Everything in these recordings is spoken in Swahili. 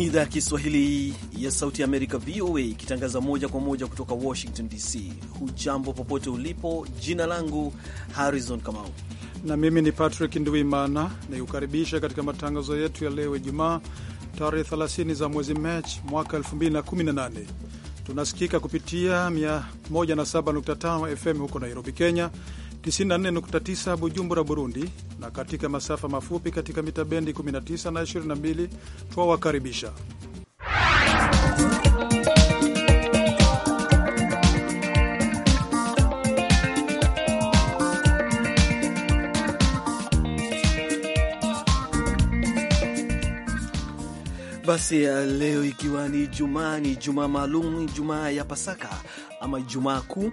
ni idhaa ya Kiswahili ya Sauti ya Amerika, VOA, ikitangaza moja kwa moja kutoka Washington DC. Hujambo popote ulipo. Jina langu Harrison Kamau na mimi ni Patrick Nduimana, nikukaribisha katika matangazo yetu ya leo Ijumaa tarehe 30 za mwezi Machi mwaka 2018. Tunasikika kupitia 107.5 FM huko Nairobi, Kenya 94.9 Bujumbura, Burundi, na katika masafa mafupi katika mita bendi 19 na 22. Twawakaribisha Basi eh, leo ikiwa ni Jumaa, ni Jumaa maalum, Jumaa ya Pasaka ama Jumaa Kuu,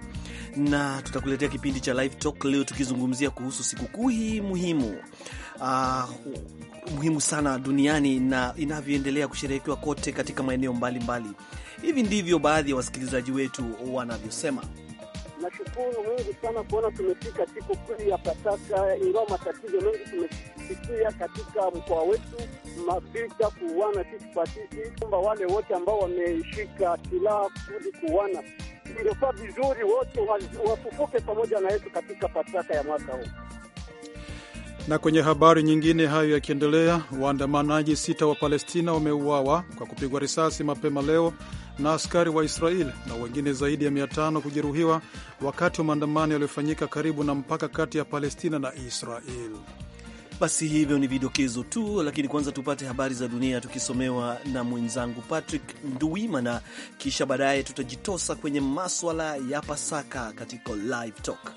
na tutakuletea kipindi cha Live Talk leo tukizungumzia kuhusu sikukuu hii muhimu uh, muhimu sana duniani na inavyoendelea kusherehekewa kote katika maeneo mbalimbali. Hivi ndivyo baadhi ya wasikilizaji wetu wanavyosema. Nashukuru Mungu sana kuona tumefika kuu ya Pasaka, ingawa matatizo mengi tunapitia katika mkoa wetu mavita kuuana sisi kwa sisi, kwamba wale wote ambao wameshika silaha kusudi kuuana, ingekuwa vizuri wote wafufuke pamoja na yetu katika Pasaka ya mwaka huu. Na kwenye habari nyingine, hayo yakiendelea, waandamanaji sita wa Palestina wameuawa kwa kupigwa risasi mapema leo na askari wa Israel na wengine zaidi ya 500 kujeruhiwa wakati wa maandamano yaliyofanyika karibu na mpaka kati ya Palestina na Israel. Basi hivyo ni vidokezo tu, lakini kwanza tupate habari za dunia tukisomewa na mwenzangu Patrick Nduwimana, kisha baadaye tutajitosa kwenye maswala ya Pasaka katika Live Talk.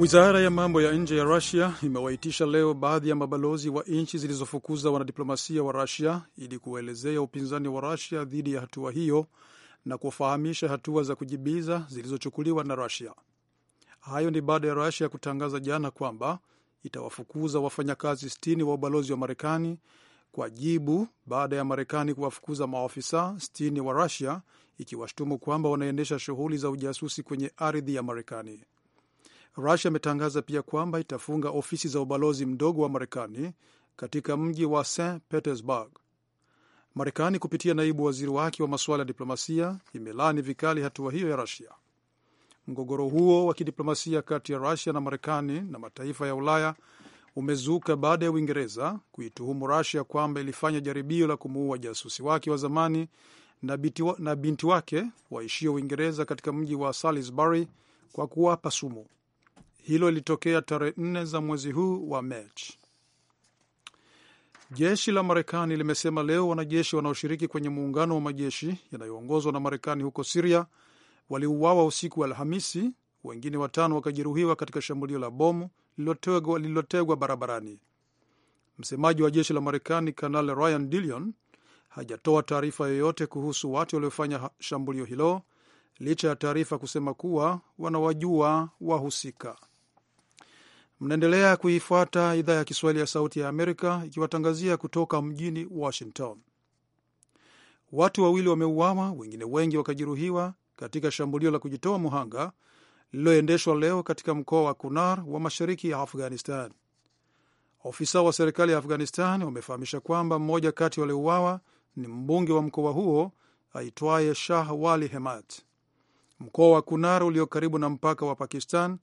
Wizara ya mambo ya nje ya Rusia imewaitisha leo baadhi ya mabalozi wa nchi zilizofukuza wanadiplomasia wa Rusia ili kuwaelezea upinzani wa Rusia dhidi ya hatua hiyo na kufahamisha hatua za kujibiza zilizochukuliwa na Rusia. Hayo ni baada ya Rusia kutangaza jana kwamba itawafukuza wafanyakazi 60 wa ubalozi wa Marekani kwa jibu baada ya Marekani kuwafukuza maafisa s wa Rusia ikiwashtumu kwamba wanaendesha shughuli za ujasusi kwenye ardhi ya Marekani. Rusia imetangaza pia kwamba itafunga ofisi za ubalozi mdogo wa Marekani katika mji wa St Petersburg. Marekani kupitia naibu waziri wake wa masuala ya diplomasia imelaani vikali hatua hiyo ya Rusia. Mgogoro huo wa kidiplomasia kati ya Rusia na Marekani na mataifa ya Ulaya umezuka baada ya Uingereza kuituhumu Rusia kwamba ilifanya jaribio la kumuua jasusi wake wa zamani na binti, wa, na binti wake waishio Uingereza katika mji wa Salisbury kwa kuwapa sumu. Hilo lilitokea tarehe nne za mwezi huu wa Machi. Jeshi la Marekani limesema leo wanajeshi wanaoshiriki kwenye muungano wa majeshi yanayoongozwa na Marekani huko Siria waliuawa usiku wa Alhamisi, wengine watano wakajeruhiwa katika shambulio la bomu lililotegwa barabarani. Msemaji wa jeshi la Marekani Kanal Ryan Dillon hajatoa taarifa yoyote kuhusu watu waliofanya shambulio hilo licha ya taarifa kusema kuwa wanawajua wahusika. Mnaendelea kuifuata idhaa ya Kiswahili ya Sauti ya Amerika ikiwatangazia kutoka mjini Washington. Watu wawili wameuawa, wengine wengi wakajeruhiwa katika shambulio la kujitoa muhanga lililoendeshwa leo katika mkoa wa Kunar wa mashariki ya Afghanistan. Ofisa wa serikali ya Afghanistan wamefahamisha kwamba mmoja kati waliouawa ni mbunge wa mkoa huo aitwaye Shah Wali Hemat. Mkoa wa Kunar ulio karibu na mpaka wa Pakistan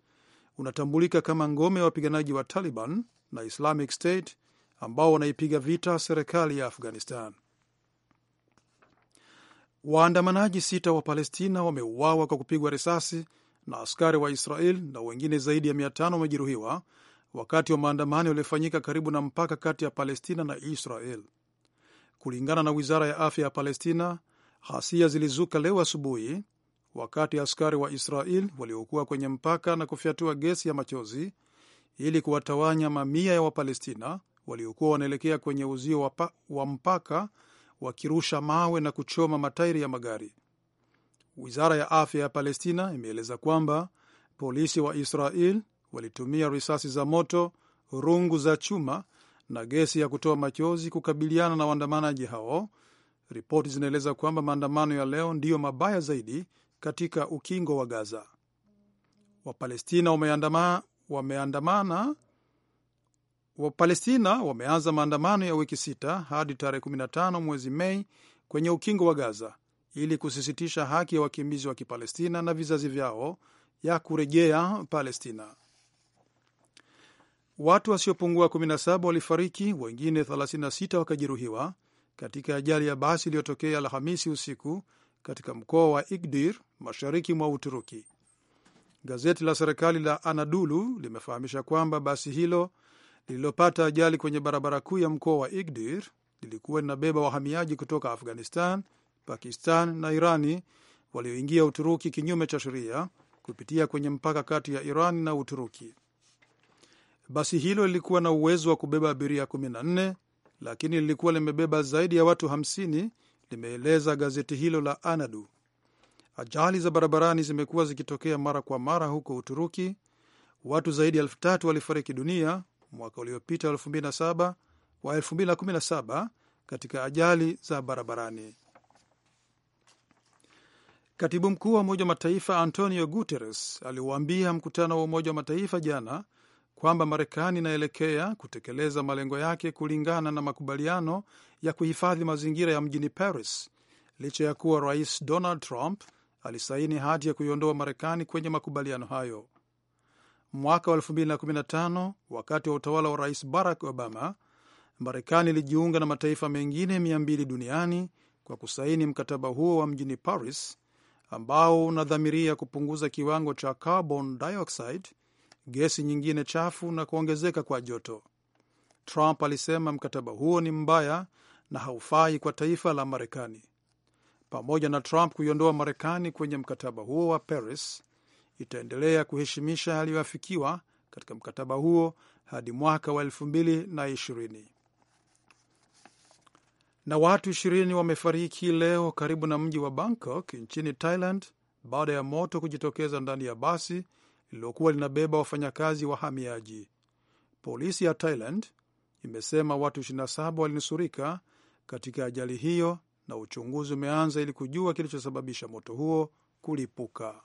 unatambulika kama ngome ya wapiganaji wa Taliban na Islamic State ambao wanaipiga vita serikali ya Afghanistan. Waandamanaji sita wa Palestina wameuawa kwa kupigwa risasi na askari wa Israel na wengine zaidi ya mia tano wamejeruhiwa wakati wa maandamano yaliyofanyika karibu na mpaka kati ya Palestina na Israel. Kulingana na wizara ya afya ya Palestina, ghasia zilizuka leo asubuhi wakati askari wa Israel waliokuwa kwenye mpaka na kufyatua gesi ya machozi ili kuwatawanya mamia ya Wapalestina waliokuwa wanaelekea kwenye uzio wa, wa mpaka wakirusha mawe na kuchoma matairi ya magari. Wizara ya afya ya Palestina imeeleza kwamba polisi wa Israel walitumia risasi za moto, rungu za chuma na gesi ya kutoa machozi kukabiliana na waandamanaji hao. Ripoti zinaeleza kwamba maandamano ya leo ndiyo mabaya zaidi katika ukingo wa Gaza. Wapalestina wameandama, wameandamana Wapalestina wameanza maandamano ya wiki sita hadi tarehe 15 mwezi Mei kwenye ukingo wa Gaza ili kusisitisha haki ya wakimbizi wa Kipalestina na vizazi vyao ya kurejea Palestina. Watu wasiopungua 17 walifariki, wengine 36 wakajeruhiwa katika ajali ya basi iliyotokea Alhamisi usiku katika mkoa wa Igdir mashariki mwa Uturuki. Gazeti la serikali la Anadolu limefahamisha kwamba basi hilo lililopata ajali kwenye barabara kuu ya mkoa wa Igdir lilikuwa linabeba wahamiaji kutoka Afghanistan, Pakistan na Irani walioingia Uturuki kinyume cha sheria kupitia kwenye mpaka kati ya Iran na Uturuki. Basi hilo lilikuwa na uwezo wa kubeba abiria 14 lakini lilikuwa limebeba zaidi ya watu limeeleza gazeti hilo la anadu Ajali za barabarani zimekuwa zikitokea mara kwa mara huko Uturuki. Watu zaidi ya elfu tatu walifariki dunia mwaka uliopita wa 2017 katika ajali za barabarani. Katibu mkuu wa Umoja wa Mataifa Antonio Guterres aliwaambia mkutano wa Umoja wa Mataifa jana kwamba Marekani inaelekea kutekeleza malengo yake kulingana na makubaliano ya kuhifadhi mazingira ya mjini Paris, licha ya kuwa Rais Donald Trump alisaini hati ya kuiondoa Marekani kwenye makubaliano hayo mwaka wa 2015 wakati wa utawala wa Rais Barack Obama. Marekani ilijiunga na mataifa mengine 200 duniani kwa kusaini mkataba huo wa mjini Paris ambao unadhamiria kupunguza kiwango cha carbon dioxide gesi nyingine chafu na kuongezeka kwa joto. Trump alisema mkataba huo ni mbaya na haufai kwa taifa la Marekani. Pamoja na Trump kuiondoa Marekani kwenye mkataba huo wa Paris, itaendelea kuheshimisha yaliyoafikiwa katika mkataba huo hadi mwaka wa 2020. Na watu 20 wamefariki leo karibu na mji wa Bangkok nchini Thailand baada ya moto kujitokeza ndani ya basi lililokuwa linabeba wafanyakazi wahamiaji. Polisi ya Thailand imesema watu 27 walinusurika katika ajali hiyo na uchunguzi umeanza ili kujua kilichosababisha moto huo kulipuka.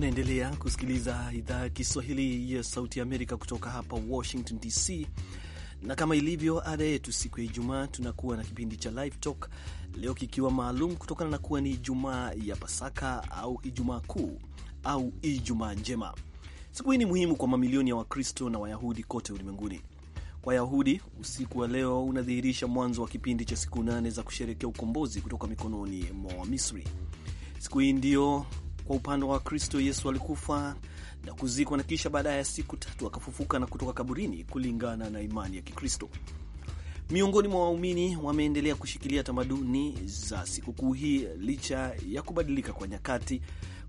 Unaendelea kusikiliza idhaa ya Kiswahili ya Sauti ya Amerika kutoka hapa Washington DC, na kama ilivyo ada yetu, siku ya Ijumaa tunakuwa na kipindi cha Live Talk, leo kikiwa maalum kutokana na kuwa ni Ijumaa ya Pasaka au Ijumaa Kuu au Ijumaa Njema. Siku hii ni muhimu kwa mamilioni ya Wakristo na Wayahudi kote ulimwenguni. Kwa Yahudi, usiku wa leo unadhihirisha mwanzo wa kipindi cha siku nane za kusherekea ukombozi kutoka mikononi mwa Wamisri. Siku hii ndiyo kwa upande wa Wakristo, Yesu alikufa na kuzikwa na kisha baadaye ya siku tatu akafufuka na kutoka kaburini, kulingana na imani ya Kikristo. Miongoni mwa waumini wameendelea kushikilia tamaduni za sikukuu hii licha ya kubadilika kwa nyakati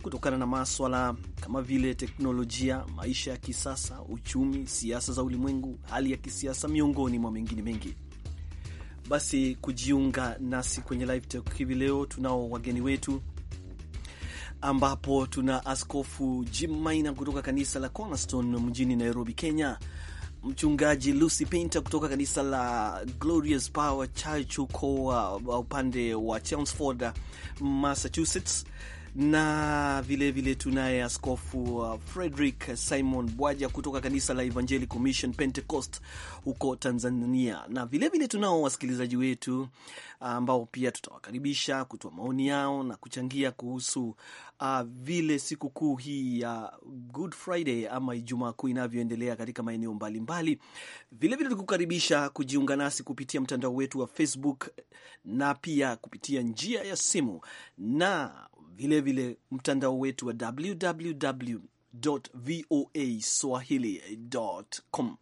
kutokana na maswala kama vile teknolojia, maisha ya kisasa, uchumi, siasa za ulimwengu, hali ya kisiasa, miongoni mwa mengine mengi. Basi kujiunga nasi kwenye live talk hivi leo, tunao wageni wetu ambapo tuna Askofu Jim Maina kutoka kanisa la Cornerstone mjini Nairobi, Kenya, Mchungaji Lucy Painter kutoka kanisa la Glorious Power Church huko uh, upande wa Chelmsford, Massachusetts, na vilevile tunaye Askofu uh, Frederick Simon Bwaja kutoka kanisa la Evangelical Commission Pentecost huko Tanzania, na vilevile tunao wasikilizaji wetu uh, ambao pia tutawakaribisha kutoa maoni yao na kuchangia kuhusu uh, vile sikukuu hii ya uh, Good Friday ama Ijumaa Kuu inavyoendelea katika maeneo mbalimbali. Vilevile tukukaribisha kujiunga nasi kupitia mtandao wetu wa Facebook na pia kupitia njia ya simu na vilevile mtandao wetu wa www voa swahili.com.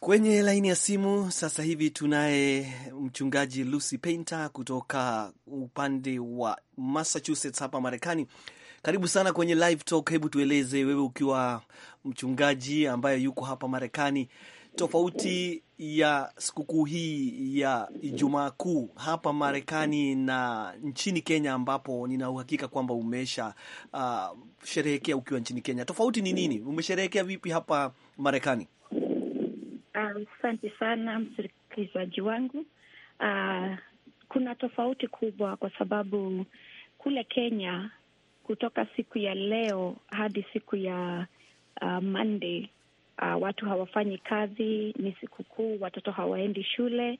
Kwenye laini ya simu sasa hivi tunaye mchungaji Lucy Painter kutoka upande wa Massachusetts hapa Marekani. Karibu sana kwenye live talk. Hebu tueleze wewe, ukiwa mchungaji ambaye yuko hapa Marekani, tofauti ya sikukuu hii ya Ijumaa Kuu hapa Marekani na nchini Kenya, ambapo nina uhakika kwamba umesha uh, sherehekea ukiwa nchini Kenya. Tofauti ni nini? Umesherehekea vipi hapa Marekani? Um, asante uh, sana msikilizaji wangu. Uh, kuna tofauti kubwa kwa sababu kule Kenya kutoka siku ya leo hadi siku ya uh, Monday uh, watu hawafanyi kazi, ni sikukuu, watoto hawaendi shule.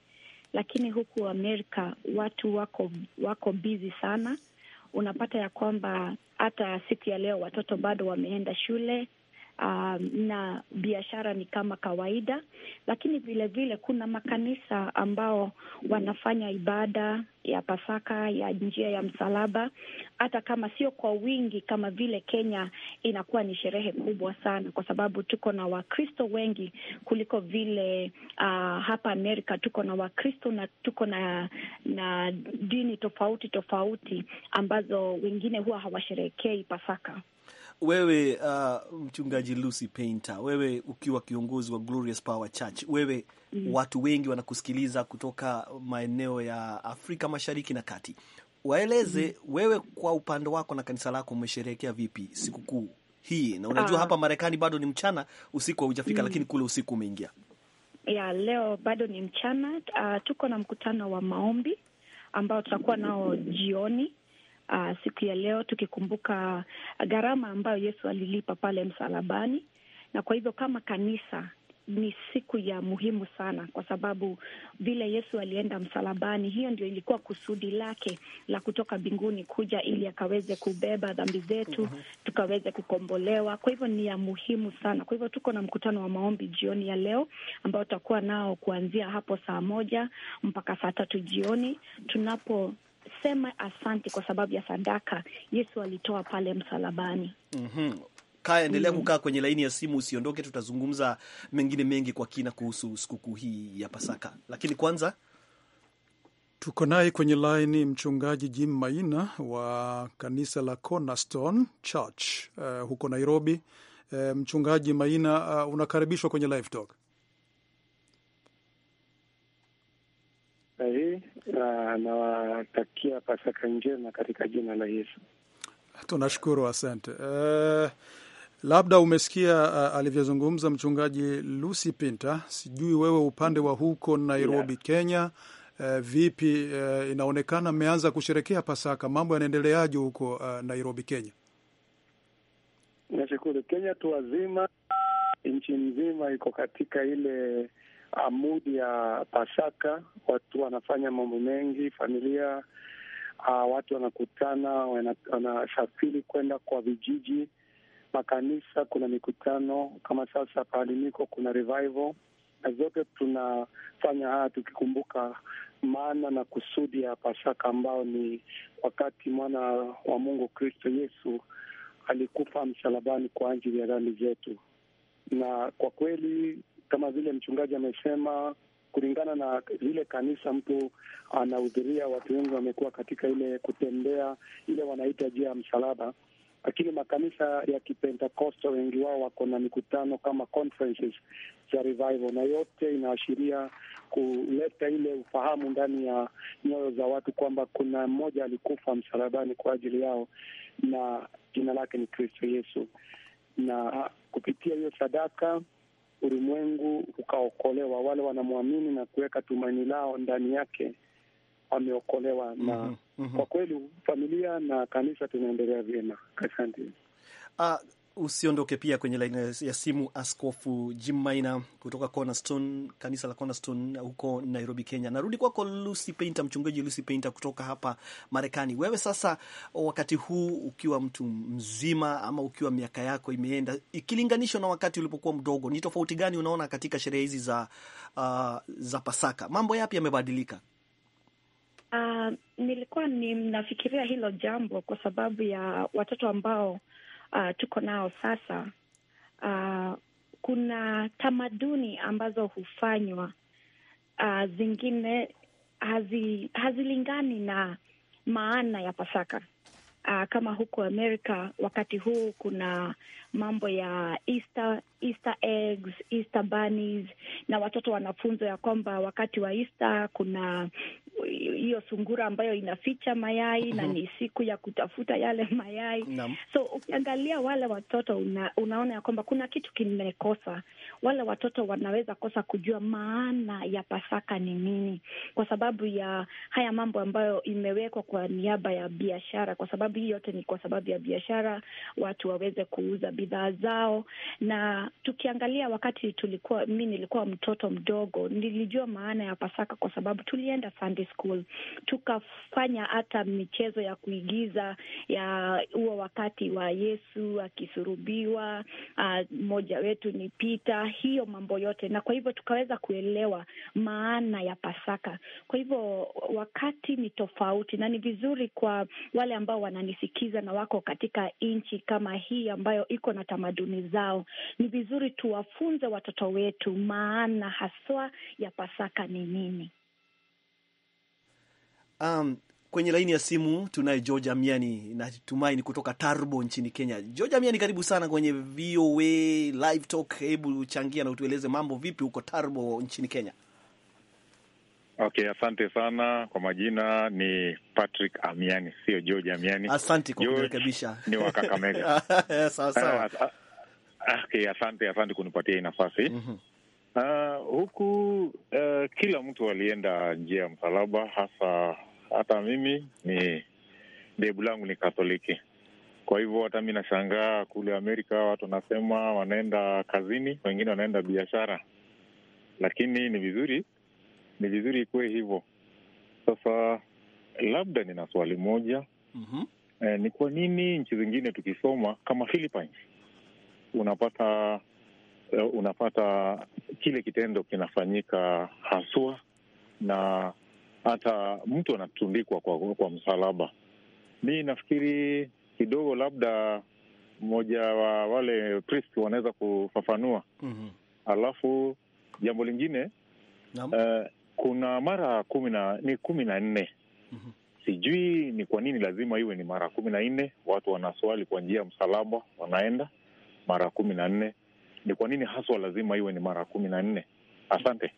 Lakini huku Amerika watu wako wako bizi sana, unapata ya kwamba hata siku ya leo watoto bado wameenda shule. Um, na biashara ni kama kawaida, lakini vilevile vile kuna makanisa ambao wanafanya ibada ya Pasaka ya njia ya msalaba, hata kama sio kwa wingi kama vile Kenya inakuwa ni sherehe kubwa sana, kwa sababu tuko na Wakristo wengi kuliko vile uh, hapa Amerika tuko na Wakristo na tuko na na dini tofauti tofauti ambazo wengine huwa hawasherehekei Pasaka. Wewe uh, mchungaji Lucy Painter, wewe ukiwa kiongozi wa Glorious Power Church, wewe mm. watu wengi wanakusikiliza kutoka maeneo ya Afrika Mashariki na Kati. Waeleze mm. wewe kwa upande wako na kanisa lako umesherehekea vipi sikukuu hii? Na unajua ah. hapa Marekani bado ni mchana, usiku haujafika mm. lakini kule usiku umeingia. Ya leo bado ni mchana. Uh, tuko na mkutano wa maombi ambao tutakuwa nao jioni uh, siku ya leo tukikumbuka gharama ambayo Yesu alilipa pale msalabani, na kwa hivyo kama kanisa ni siku ya muhimu sana, kwa sababu vile Yesu alienda msalabani, hiyo ndio ilikuwa kusudi lake la kutoka mbinguni kuja, ili akaweze kubeba dhambi zetu, mhm. tukaweze kukombolewa. Kwa hivyo ni ya muhimu sana. Kwa hivyo tuko na mkutano wa maombi jioni ya leo ambao tutakuwa nao kuanzia hapo saa moja mpaka saa tatu jioni tunapo sema asante kwa sababu ya sadaka Yesu alitoa pale msalabani. mm -hmm kaa, endelea mm -hmm. kukaa kwenye laini ya simu, usiondoke, tutazungumza mengine mengi kwa kina kuhusu sikukuu hii ya Pasaka, lakini kwanza tuko naye kwenye laini Mchungaji Jim Maina wa kanisa la Cornerstone Church uh, huko Nairobi. Uh, Mchungaji Maina, uh, unakaribishwa kwenye live talk. nawatakia Pasaka njema katika jina la Yesu. Tunashukuru, asante. Uh, Labda umesikia uh, alivyozungumza mchungaji Lucy Pinta. Sijui wewe upande wa huko Nairobi, yeah. Kenya uh, vipi? Uh, inaonekana mmeanza kusherekea Pasaka, mambo yanaendeleaje huko uh, Nairobi, Kenya? Nashukuru. Kenya tu wazima, nchi nzima iko katika ile amudi uh, ya Pasaka. Watu wanafanya mambo mengi, familia uh, watu wanakutana, wanasafiri kwenda kwa vijiji makanisa, kuna mikutano kama sasa paalimiko kuna revival na zote tunafanya haya tukikumbuka maana na kusudi ya Pasaka, ambao ni wakati mwana wa Mungu Kristo Yesu alikufa msalabani kwa ajili ya dhambi zetu. Na kwa kweli, kama vile mchungaji amesema, kulingana na vile kanisa mtu anahudhuria, watu wengi wamekuwa katika ile kutembea ile wanaita jia ya msalaba lakini makanisa ya Kipentekoste wengi wao wako na mikutano kama conferences za revival, na yote inaashiria kuleta ile ufahamu ndani ya nyoyo za watu kwamba kuna mmoja alikufa msalabani kwa ajili yao na jina lake ni Kristo Yesu, na kupitia hiyo sadaka ulimwengu ukaokolewa. Wale wanamwamini na kuweka tumaini lao ndani yake wameokolewa na mm -hmm. -hmm. Kwa kweli familia na kanisa tunaendelea vyema, asante. Uh, usiondoke pia kwenye laini ya simu. Askofu Jim Maina kutoka Cornerstone, kanisa la Cornerstone huko Nairobi, Kenya. Narudi kwako Lucy Painter, mchungaji Lucy Painter kutoka hapa Marekani. Wewe sasa, wakati huu ukiwa mtu mzima ama ukiwa miaka yako imeenda, ikilinganishwa na wakati ulipokuwa mdogo, ni tofauti gani unaona katika sherehe hizi za, uh, za Pasaka? Mambo yapi yamebadilika? Uh, nilikuwa ninafikiria hilo jambo kwa sababu ya watoto ambao uh, tuko nao sasa. Uh, kuna tamaduni ambazo hufanywa uh, zingine hazi, hazilingani na maana ya Pasaka. Uh, kama huko Amerika wakati huu kuna mambo ya Easter, Easter eggs, Easter bunnies na watoto wanafunzwa ya kwamba wakati wa Easter kuna hiyo sungura ambayo inaficha mayai na mhm. ni siku ya kutafuta yale mayai Nam. So ukiangalia wale watoto una, unaona ya kwamba kuna kitu kimekosa. Wale watoto wanaweza kosa kujua maana ya Pasaka ni nini, kwa sababu ya haya mambo ambayo imewekwa kwa niaba ya biashara, kwa sababu hii yote ni kwa sababu ya biashara, watu waweze kuuza bidhaa zao. Na tukiangalia wakati tulikuwa, mi nilikuwa mtoto mdogo, nilijua maana ya Pasaka kwa sababu tulienda Sunday Primary School. Tukafanya hata michezo ya kuigiza ya huo wakati wa Yesu akisurubiwa, ah, mmoja uh, wetu ni Peter, hiyo mambo yote, na kwa hivyo tukaweza kuelewa maana ya Pasaka. Kwa hivyo wakati ni tofauti, na ni vizuri kwa wale ambao wananisikiza na wako katika nchi kama hii ambayo iko na tamaduni zao, ni vizuri tuwafunze watoto wetu maana haswa ya Pasaka ni nini. Um, kwenye laini ya simu tunaye George Amiani, natumaini kutoka Tarbo nchini Kenya. George Amiani, karibu sana kwenye VOA Live Talk. Hebu changia na utueleze mambo vipi huko Tarbo nchini Kenya. Okay, asante sana kwa majina. Ni Patrick Amiani, sio George Amiani. Asante kwa kurekebisha, ni wa Kakamega. Sawa sawa. Ah, ah, ah, okay, asante asante kunipatia hii nafasi. mm -hmm. Uh, huku uh, kila mtu alienda njia ya msalaba, hasa hata mimi ni debu langu ni Katoliki. Kwa hivyo hata mi nashangaa kule Amerika watu wanasema wanaenda kazini, wengine wanaenda biashara, lakini ni vizuri, ni vizuri ikuwe hivyo. Sasa labda nina swali moja mm -hmm. Eh, ni kwa nini nchi zingine tukisoma kama Philippines unapata Eh, unapata kile kitendo kinafanyika haswa, na hata mtu anatundikwa kwa, kwa msalaba. Mi nafikiri kidogo labda mmoja wa wale priest wanaweza kufafanua. mm -hmm. Alafu jambo lingine mm -hmm. uh, kuna mara kumi na ni kumi na nne mm -hmm. Sijui ni kwa nini lazima iwe ni mara kumi na nne. Watu wanaswali kwa njia ya msalaba, wanaenda mara kumi na nne ni kwa nini haswa lazima iwe ni mara kumi na nne? Asante,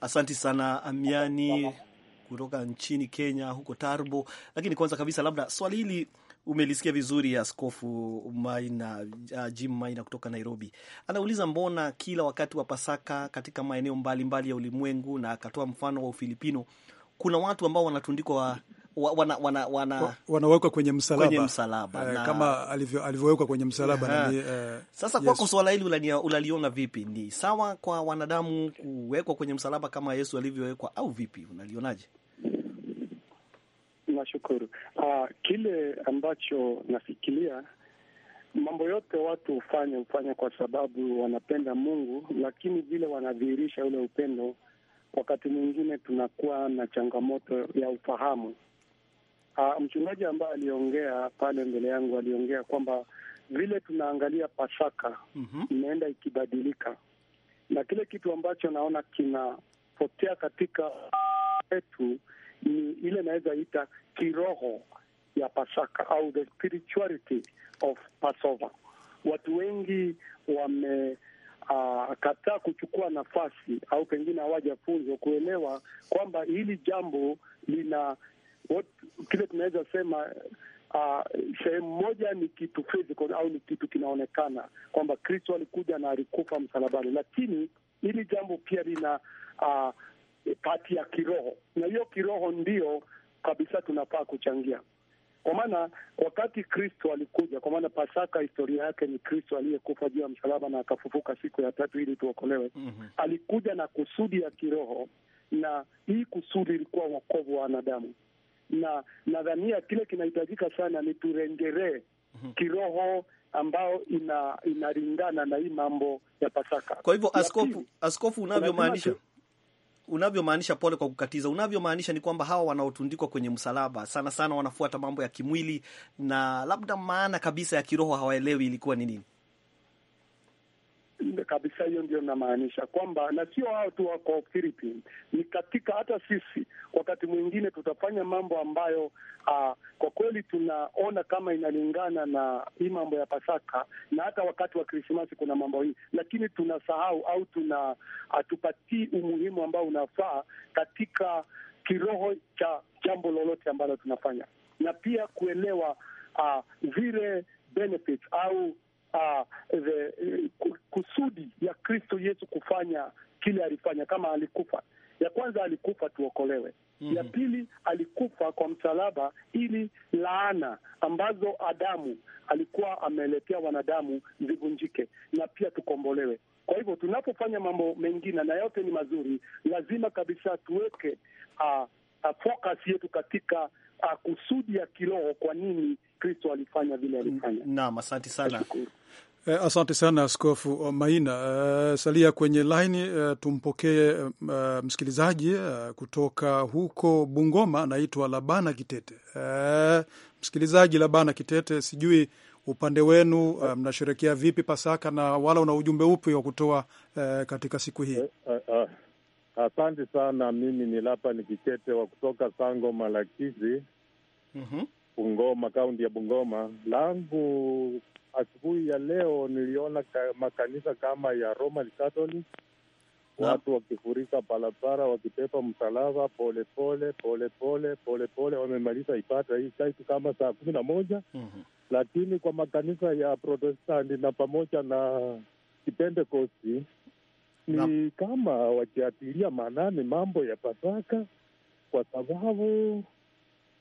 asante sana Amiani kutoka nchini Kenya, huko Tarbo. Lakini kwanza kabisa, labda swali hili umelisikia vizuri, Askofu Maina, uh, Jim Maina kutoka Nairobi anauliza mbona kila wakati wa Pasaka katika maeneo mbalimbali mbali ya ulimwengu, na akatoa mfano wa Ufilipino, kuna watu ambao wanatundikwa wana, wana, wana... wanawekwa kwenye msalaba, kwenye msalaba. Eh, na... kama alivyowekwa kwenye msalaba na ni, e, eh, sasa kwako swala hili unaliona vipi? Ni sawa kwa wanadamu kuwekwa kwenye msalaba kama Yesu alivyowekwa au vipi? Unalionaje? Nashukuru. Uh, kile ambacho nafikiria mambo yote watu hufanya hufanya kwa sababu wanapenda Mungu, lakini vile wanadhihirisha ule upendo, wakati mwingine tunakuwa na changamoto ya ufahamu Uh, mchungaji ambaye aliongea pale mbele yangu aliongea kwamba vile tunaangalia Pasaka mhm. imeenda mm -hmm. ikibadilika, na kile kitu ambacho naona kinapotea katika wetu ni ile inaweza ita kiroho ya Pasaka au the spirituality of Passover. Watu wengi wamekataa ah, uh, kuchukua nafasi au pengine hawajafunzwa kuelewa kwamba hili jambo lina kile tunaweza sema Uh, sehemu moja ni kitu physical au ni kitu kinaonekana kwamba Kristo alikuja na alikufa msalabani, lakini hili jambo pia lina uh, pati ya kiroho, na hiyo kiroho ndio kabisa tunafaa kuchangia, kwa maana wakati Kristo alikuja, kwa maana Pasaka historia yake ni Kristo aliyekufa juu ya msalaba na akafufuka siku ya tatu ili tuokolewe. mm -hmm. Alikuja na kusudi ya kiroho, na hii kusudi ilikuwa wokovu wa wanadamu na nadhania kile kinahitajika sana ni turengeree mhm. kiroho ambayo ina, inalingana na hii mambo ya Pasaka. Kwa hivyo askofu, askofu unavyomaanisha unavyomaanisha pole kwa kukatiza, unavyomaanisha ni kwamba hawa wanaotundikwa kwenye msalaba sana sana wanafuata mambo ya kimwili na labda maana kabisa ya kiroho hawaelewi ilikuwa ni nini kabisa, hiyo ndio namaanisha kwamba, na sio hao tu wako Philippines, ni katika hata sisi wakati mwingine tutafanya mambo ambayo uh, kwa kweli tunaona kama inalingana na hii mambo ya Pasaka na hata wakati wa Krismasi kuna mambo hii, lakini tunasahau au tuna hatupatii umuhimu ambao unafaa katika kiroho cha jambo lolote ambalo tunafanya, na pia kuelewa uh, zile benefits au uh, the, uh, kusudi ya Kristo Yesu kufanya kile alifanya, kama alikufa. Ya kwanza alikufa tuokolewe. Mm -hmm. Ya pili alikufa kwa msalaba ili laana ambazo Adamu alikuwa ameletea wanadamu zivunjike na pia tukombolewe. Kwa hivyo tunapofanya mambo mengine na yote ni mazuri, lazima kabisa tuweke uh, uh, focus yetu katika kusudi ya kiroho, kwa nini Kristo alifanya vile alifanya. Naam, asante sana. Eh, asante sana Askofu Maina. Eh, salia kwenye laini eh, tumpokee eh, msikilizaji eh, kutoka huko Bungoma, anaitwa Labana Kitete. Eh, msikilizaji Labana Kitete, sijui upande wenu eh, mnasherekea vipi Pasaka na wala una ujumbe upi wa kutoa eh, katika siku hii? eh, eh, eh. Asante sana. Mimi ni Lapa ni kikete wa kutoka Sango Malakizi, mm-hmm. Bungoma, kaunti ya Bungoma. Langu asubuhi ya leo niliona ka, makanisa kama ya Roman Catholic watu wakifurika barabara wakipepa msalaba polepole polepole polepole, wamemaliza ipata hii saitu kama saa kumi na moja. mm -hmm. Lakini kwa makanisa ya Protestanti na pamoja na Kipentekosti ni kama wakiatilia maanani mambo ya Pasaka, kwa sababu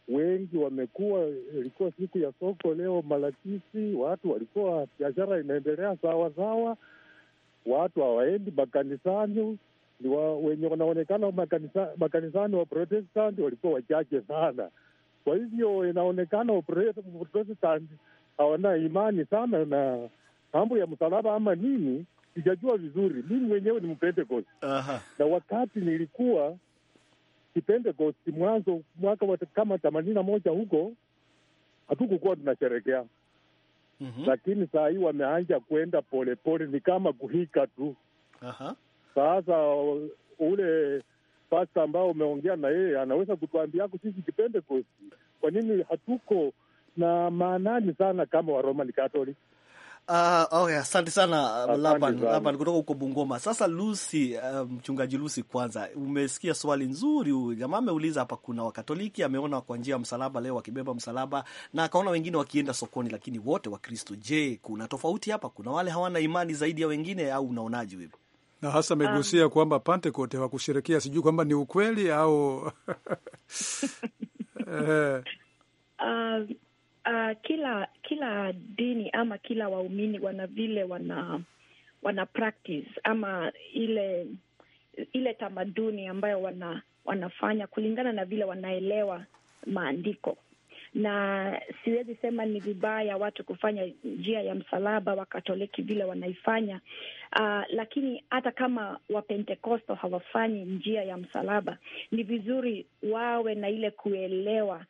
wengi wamekuwa, ilikuwa siku ya soko leo Malakisi, watu walikuwa, biashara inaendelea sawa sawa, watu hawaendi makanisani. Ni wa, wenye wanaonekana makanisa, makanisani wa Protestant walikuwa wachache sana. Kwa hivyo inaonekana Protestant hawana imani sana na mambo ya msalaba ama nini sijajua vizuri. Mimi mwenyewe ni Mpentekosti na wakati nilikuwa Kipentekosti mwanzo mwaka wa kama themanini na moja huko hatukukuwa tunasherekea mm -hmm. Lakini saa hii wameanja kwenda polepole, ni kama kuhika tu. Aha. Sasa ule pasta ambao umeongea na yeye anaweza kutuambiako sisi Kipentekosti kwa nini hatuko na maanani sana kama wa Roman Catholic. Uh, ah, okay, oh asante sana uh, Laban, Laban kutoka huko Bungoma. Sasa Lucy, uh, mchungaji um, Lucy, kwanza umesikia swali nzuri. Jamaa ameuliza hapa, kuna Wakatoliki ameona kwa njia ya msalaba leo wakibeba msalaba na akaona wengine wakienda sokoni, lakini wote Wakristo. Je, kuna tofauti hapa? Kuna wale hawana imani zaidi ya wengine, au unaonaje wewe? Na hasa amegusia um, kwamba Pentecost hawakusherekea, sijui kwamba ni ukweli au uh, uh, kila kila dini ama kila waumini wana vile wana wana practice ama ile ile tamaduni ambayo wana wanafanya kulingana na vile wanaelewa maandiko na siwezi sema ni vibaya watu kufanya njia ya msalaba Wakatoliki vile wanaifanya. Uh, lakini hata kama Wapentekosto hawafanyi njia ya msalaba, ni vizuri wawe na ile kuelewa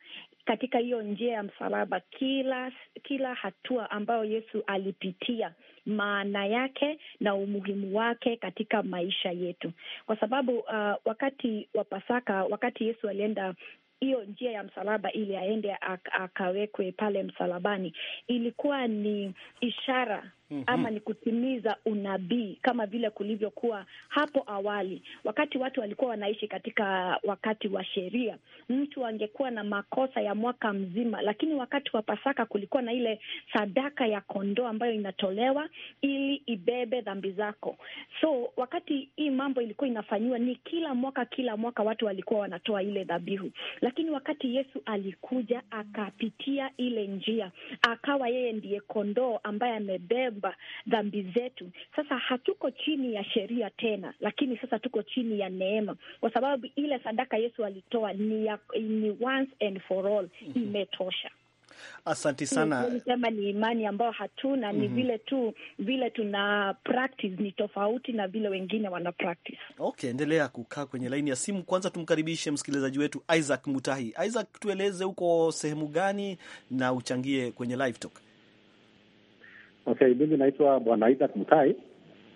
katika hiyo njia ya msalaba, kila kila hatua ambayo Yesu alipitia, maana yake na umuhimu wake katika maisha yetu, kwa sababu uh, wakati wa Pasaka, wakati Yesu alienda hiyo njia ya msalaba ili aende akawekwe pale msalabani, ilikuwa ni ishara mm -hmm. ama ni kutimiza unabii kama vile kulivyokuwa hapo awali, wakati watu walikuwa wanaishi katika wakati wa sheria. Mtu angekuwa na makosa ya mwaka mzima, lakini wakati wa Pasaka kulikuwa na ile sadaka ya kondoo ambayo inatolewa ili ibebe dhambi zako. So wakati hii mambo ilikuwa inafanyiwa ni kila mwaka, kila mwaka watu walikuwa wanatoa ile dhabihu, lakini wakati Yesu alikuja akapitia ile njia, akawa yeye ndiye kondoo ambaye amebeba kwamba dhambi zetu sasa, hatuko chini ya sheria tena, lakini sasa tuko chini ya neema, kwa sababu ile sadaka Yesu alitoa ni, ya, ni once and for all mhm. Imetosha. Asanti sana. Sema ni imani ambayo hatuna ni mm -hmm. vile tu vile tuna practice ni tofauti na vile wengine wana practice. Okay, endelea kukaa kwenye laini ya simu. Kwanza tumkaribishe msikilizaji wetu Isaac Mutahi. Isaac, tueleze uko sehemu gani na uchangie kwenye live talk. Okay, mimi naitwa Bwana Isaac Mutai,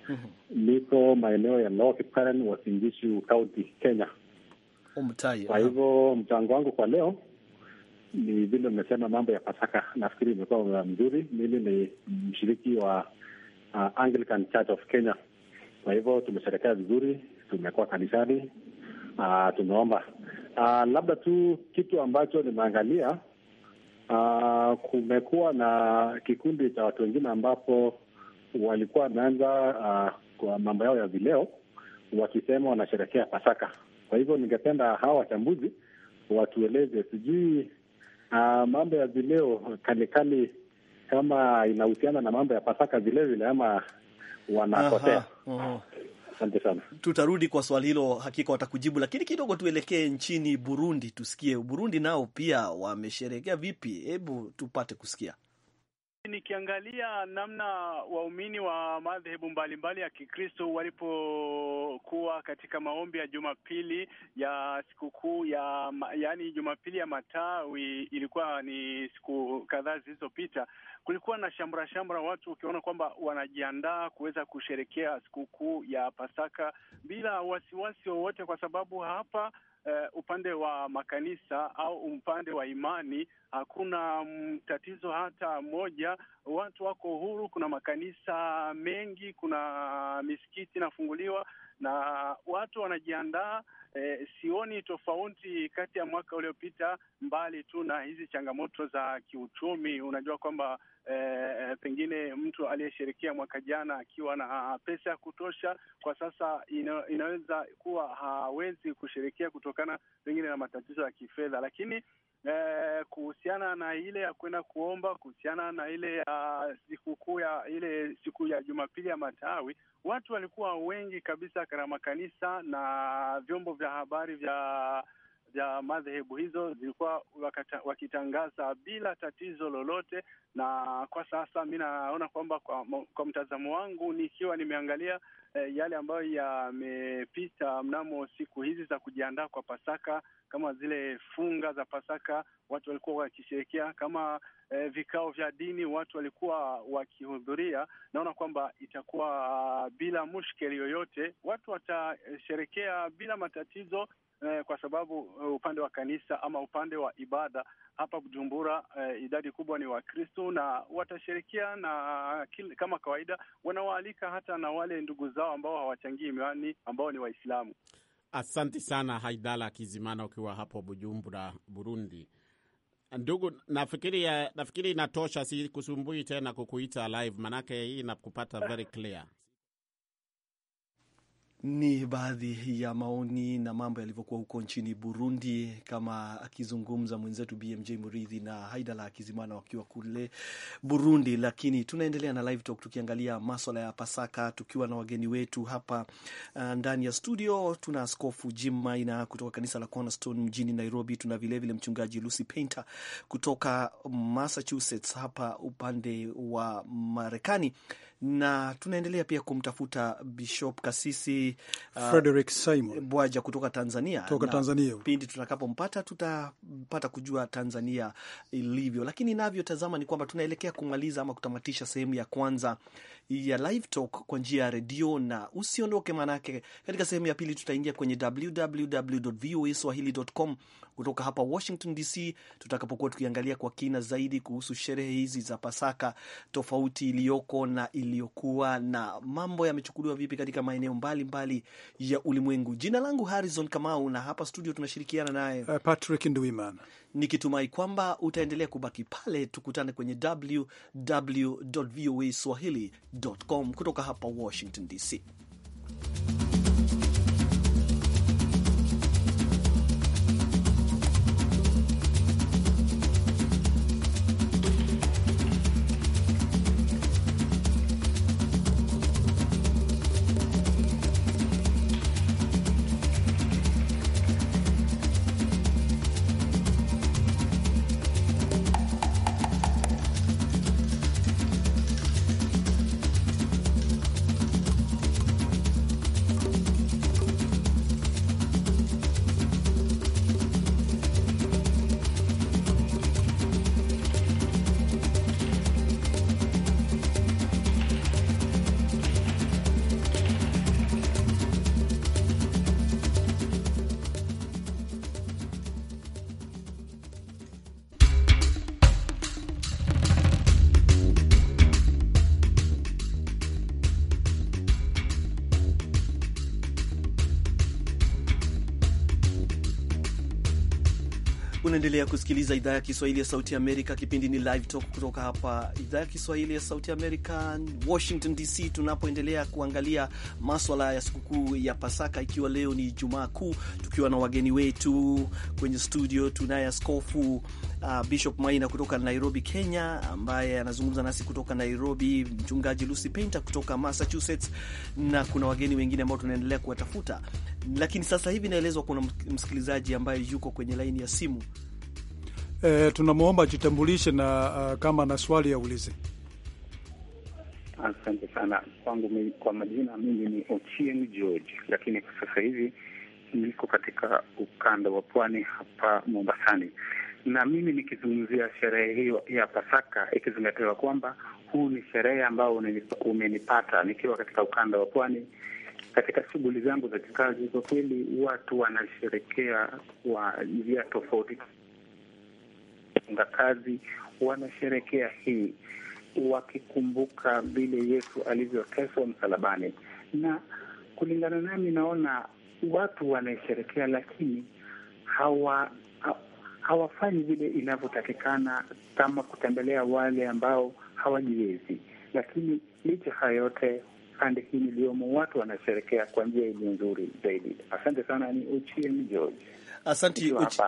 mm-hmm. niko maeneo ya Lower Karen, Uasin Gishu County, Kenya. Oh, Umtai, kwa hivyo mchango wangu kwa leo ni vile mmesema mambo ya Pasaka, nafikiri imekuwa mzuri. Mimi ni mshiriki wa uh, Anglican Church of Kenya, kwa hivyo tumesherekea vizuri, tumekuwa kanisani, uh, tumeomba uh, labda tu kitu ambacho nimeangalia Ah, kumekuwa na kikundi cha watu wengine ambapo walikuwa wameanza uh, kwa mambo yao ya vileo wakisema wanasherekea Pasaka. Kwa hivyo ningependa hawa wachambuzi watueleze, sijui uh, mambo ya vileo kalikali kama inahusiana na mambo ya Pasaka vilevile ama wanakosea. Asante sana, tutarudi kwa swali hilo, hakika watakujibu, lakini kidogo tuelekee nchini Burundi, tusikie Burundi nao pia wamesherehekea vipi. Hebu tupate kusikia. Nikiangalia namna waumini wa madhehebu mbalimbali ya Kikristo walipokuwa katika maombi ya Jumapili ya sikukuu ya yaani Jumapili ya Matawi, ilikuwa ni siku kadhaa zilizopita, kulikuwa na shamra shamra, watu ukiona kwamba wanajiandaa kuweza kusherekea sikukuu ya Pasaka bila wasiwasi wowote, kwa sababu hapa Uh, upande wa makanisa au upande wa imani hakuna tatizo hata moja. Watu wako huru, kuna makanisa mengi, kuna misikiti inafunguliwa na watu wanajiandaa. E, sioni tofauti kati ya mwaka uliopita, mbali tu na hizi changamoto za kiuchumi. Unajua kwamba e, pengine mtu aliyeshirikia mwaka jana akiwa na pesa ya kutosha, kwa sasa ina, inaweza kuwa hawezi kushirikia kutokana pengine na matatizo ya kifedha, lakini eh, kuhusiana na ile ya kwenda kuomba, kuhusiana na ile ya sikukuu ya ile siku ya Jumapili ya Matawi, watu walikuwa wengi kabisa katika makanisa na vyombo vya habari vya za madhehebu hizo zilikuwa wakitangaza bila tatizo lolote, na kwa sasa mi naona kwamba kwa, kwa mtazamo wangu nikiwa nimeangalia eh, yale ambayo yamepita mnamo siku hizi za kujiandaa kwa Pasaka kama zile funga za Pasaka watu walikuwa wakisherekea, kama eh, vikao vya dini watu walikuwa wakihudhuria. Naona kwamba itakuwa uh, bila mushkeli yoyote, watu watasherekea bila matatizo eh, kwa sababu eh, upande wa kanisa ama upande wa ibada hapa Bujumbura eh, idadi kubwa ni Wakristo na watashirikia na kil, kama kawaida wanawaalika hata na wale ndugu zao ambao hawachangii miwani ambao ni Waislamu. Asante sana Haidala Kizimana ukiwa hapo Bujumbura, Burundi. Ndugu, nafikiri eh, nafikiri inatosha, sikusumbui tena kukuita live, manake hii inakupata very clear. Ni baadhi ya maoni na mambo yalivyokuwa huko nchini Burundi, kama akizungumza mwenzetu BMJ Muridhi na Haidala Akizimana wakiwa kule Burundi. Lakini tunaendelea na live talk tukiangalia maswala ya Pasaka tukiwa na wageni wetu hapa uh, ndani ya studio. Tuna Askofu Jim Maina kutoka kanisa la Cornerstone mjini Nairobi. Tuna vilevile mchungaji Lucy Painter kutoka Massachusetts hapa upande wa Marekani na tunaendelea pia kumtafuta Bishop Kasisi uh, Simon Bwaja kutoka Tanzania. Kutoka Tanzania, pindi tutakapompata tutapata kujua Tanzania ilivyo, lakini inavyotazama ni kwamba tunaelekea kumaliza ama kutamatisha sehemu ya kwanza ya Live Talk kwa njia ya redio, na usiondoke, manake katika sehemu ya pili tutaingia kwenye www.voaswahili.com kutoka hapa Washington DC, tutakapokuwa tukiangalia kwa kina zaidi kuhusu sherehe hizi za Pasaka, tofauti iliyoko na iliyokuwa, na mambo yamechukuliwa vipi katika maeneo mbalimbali ya ulimwengu. Jina langu Harrison Kamau, na hapa studio tunashirikiana naye eh, Patrick Ndwimana nikitumai kwamba utaendelea kubaki pale. Tukutane kwenye www voa swahili.com kutoka hapa Washington DC. Unaendelea kusikiliza idhaa ya Kiswahili ya Sauti Amerika. Kipindi ni Live Talk kutoka hapa idhaa ya Kiswahili ya Sauti Amerika, Washington DC, tunapoendelea kuangalia maswala ya sikukuu ya Pasaka, ikiwa leo ni Jumaa Kuu, tukiwa na wageni wetu kwenye studio. Tunaye askofu uh, Bishop maina kutoka Nairobi, Kenya, ambaye anazungumza nasi kutoka Nairobi, mchungaji Lucy Painter kutoka Massachusetts, na kuna wageni wengine ambao tunaendelea kuwatafuta, lakini sasa hivi naelezwa kuna msikilizaji ambaye yuko kwenye laini ya simu. E, tunamwomba ajitambulishe na uh, kama na swali aulize. Asante sana. Kwangu kwa majina mingi ni Ochieng George, lakini kwa sasa hivi niko katika ukanda wa pwani hapa Mombasani na mimi nikizungumzia sherehe hiyo ya Pasaka, ikizingatiwa kwamba huu ni sherehe ambayo umenipata nikiwa katika ukanda wa pwani katika shughuli zangu za kikazi. Kwa kweli watu wanasherekea kwa njia tofauti, funga kazi wanasherekea hii wakikumbuka vile Yesu alivyoteswa msalabani, na kulingana nami, naona watu wanaisherekea lakini hawa hawafanyi vile inavyotakikana, kama kutembelea wale ambao hawajiwezi. Lakini licha haya yote, pande hii niliyomo watu wanasherekea kwa njia iliyo nzuri zaidi. Asante sana, ni uchie George. Asanti, uch...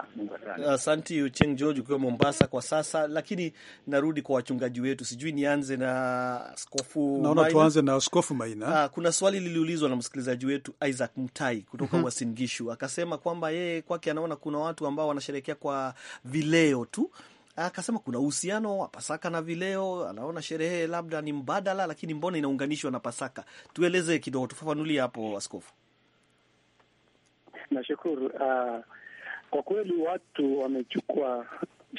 asanti Ucheng George ukiwa Mombasa kwa sasa, lakini narudi kwa wachungaji wetu. Sijui nianze na Askofu, naona tuanze na Askofu Maina. Ah, kuna swali liliulizwa na msikilizaji wetu Isaac Mtai kutoka mm -hmm. Wasingishu akasema kwamba yeye kwake anaona kuna watu ambao wanasherekea kwa vileo tu akasema kuna uhusiano wa Pasaka na vileo, anaona sherehe labda ni mbadala, lakini mbona inaunganishwa na Pasaka? Tueleze kidogo, tufafanulie hapo askofu. Nashukuru. Uh, kwa kweli watu wamechukua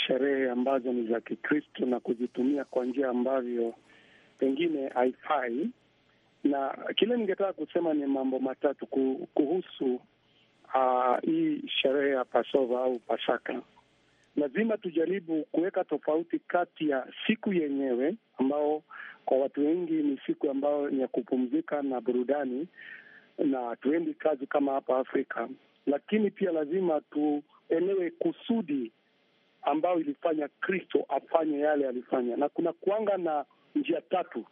sherehe ambazo ni za Kikristo na kuzitumia kwa njia ambavyo pengine haifai, na kile ningetaka kusema ni mambo matatu kuhusu uh, hii sherehe ya Pasova au Pasaka. Lazima tujaribu kuweka tofauti kati ya siku yenyewe ambao kwa watu wengi ni siku ambayo ni ya kupumzika na burudani, na tuendi kazi kama hapa Afrika lakini pia lazima tuelewe kusudi ambayo ilifanya Kristo afanye yale alifanya, na kuna kuanga na njia tatu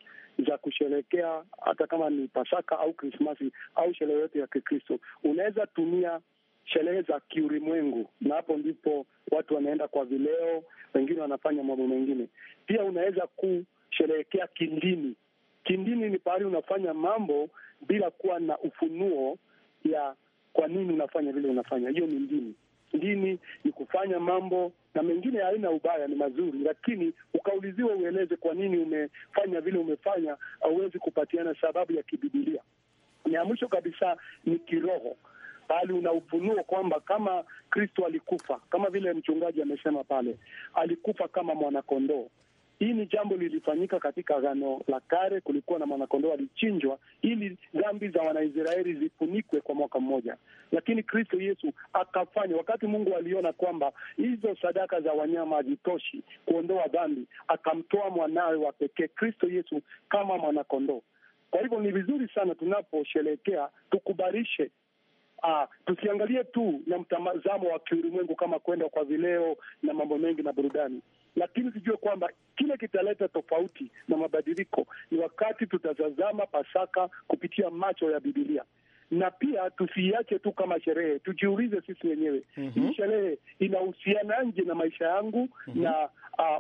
za kusherekea, hata kama ni Pasaka au Krismasi au sherehe yote ya Kikristo. Unaweza tumia sherehe za kiulimwengu, na hapo ndipo watu wanaenda kwa vileo, wengine wanafanya mambo mengine. Pia unaweza kusherehekea kindini. Kindini ni pahali unafanya mambo bila kuwa na ufunuo ya kwa nini unafanya vile unafanya. Hiyo ni ndini. Ndini ni kufanya mambo na mengine haina ubaya, ni mazuri, lakini ukauliziwa ueleze kwa nini umefanya vile umefanya, hauwezi kupatiana sababu ya kibibilia. Na mwisho kabisa ni kiroho bali una ufunuo kwamba kama Kristo alikufa, kama vile mchungaji amesema pale, alikufa kama mwanakondoo. Hii ni jambo lilifanyika katika Agano la Kale, kulikuwa na mwanakondoo alichinjwa ili dhambi za Wanaisraeli zifunikwe kwa mwaka mmoja, lakini Kristo Yesu akafanya. Wakati Mungu aliona kwamba hizo sadaka za wanyama hazitoshi kuondoa dhambi, akamtoa mwanawe wa pekee Kristo Yesu kama mwanakondoo. Kwa hivyo ni vizuri sana tunaposherehekea tukubarishe Ah, tusiangalie tu na mtazamo wa kiulimwengu kama kwenda kwa vileo na mambo mengi na burudani lakini tujue kwamba kile kitaleta tofauti na mabadiliko ni wakati tutatazama Pasaka kupitia macho ya Bibilia na pia tusiiache tu kama sherehe, tujiulize sisi wenyewe mm hii -hmm. sherehe inahusianaje na maisha yangu mm -hmm. na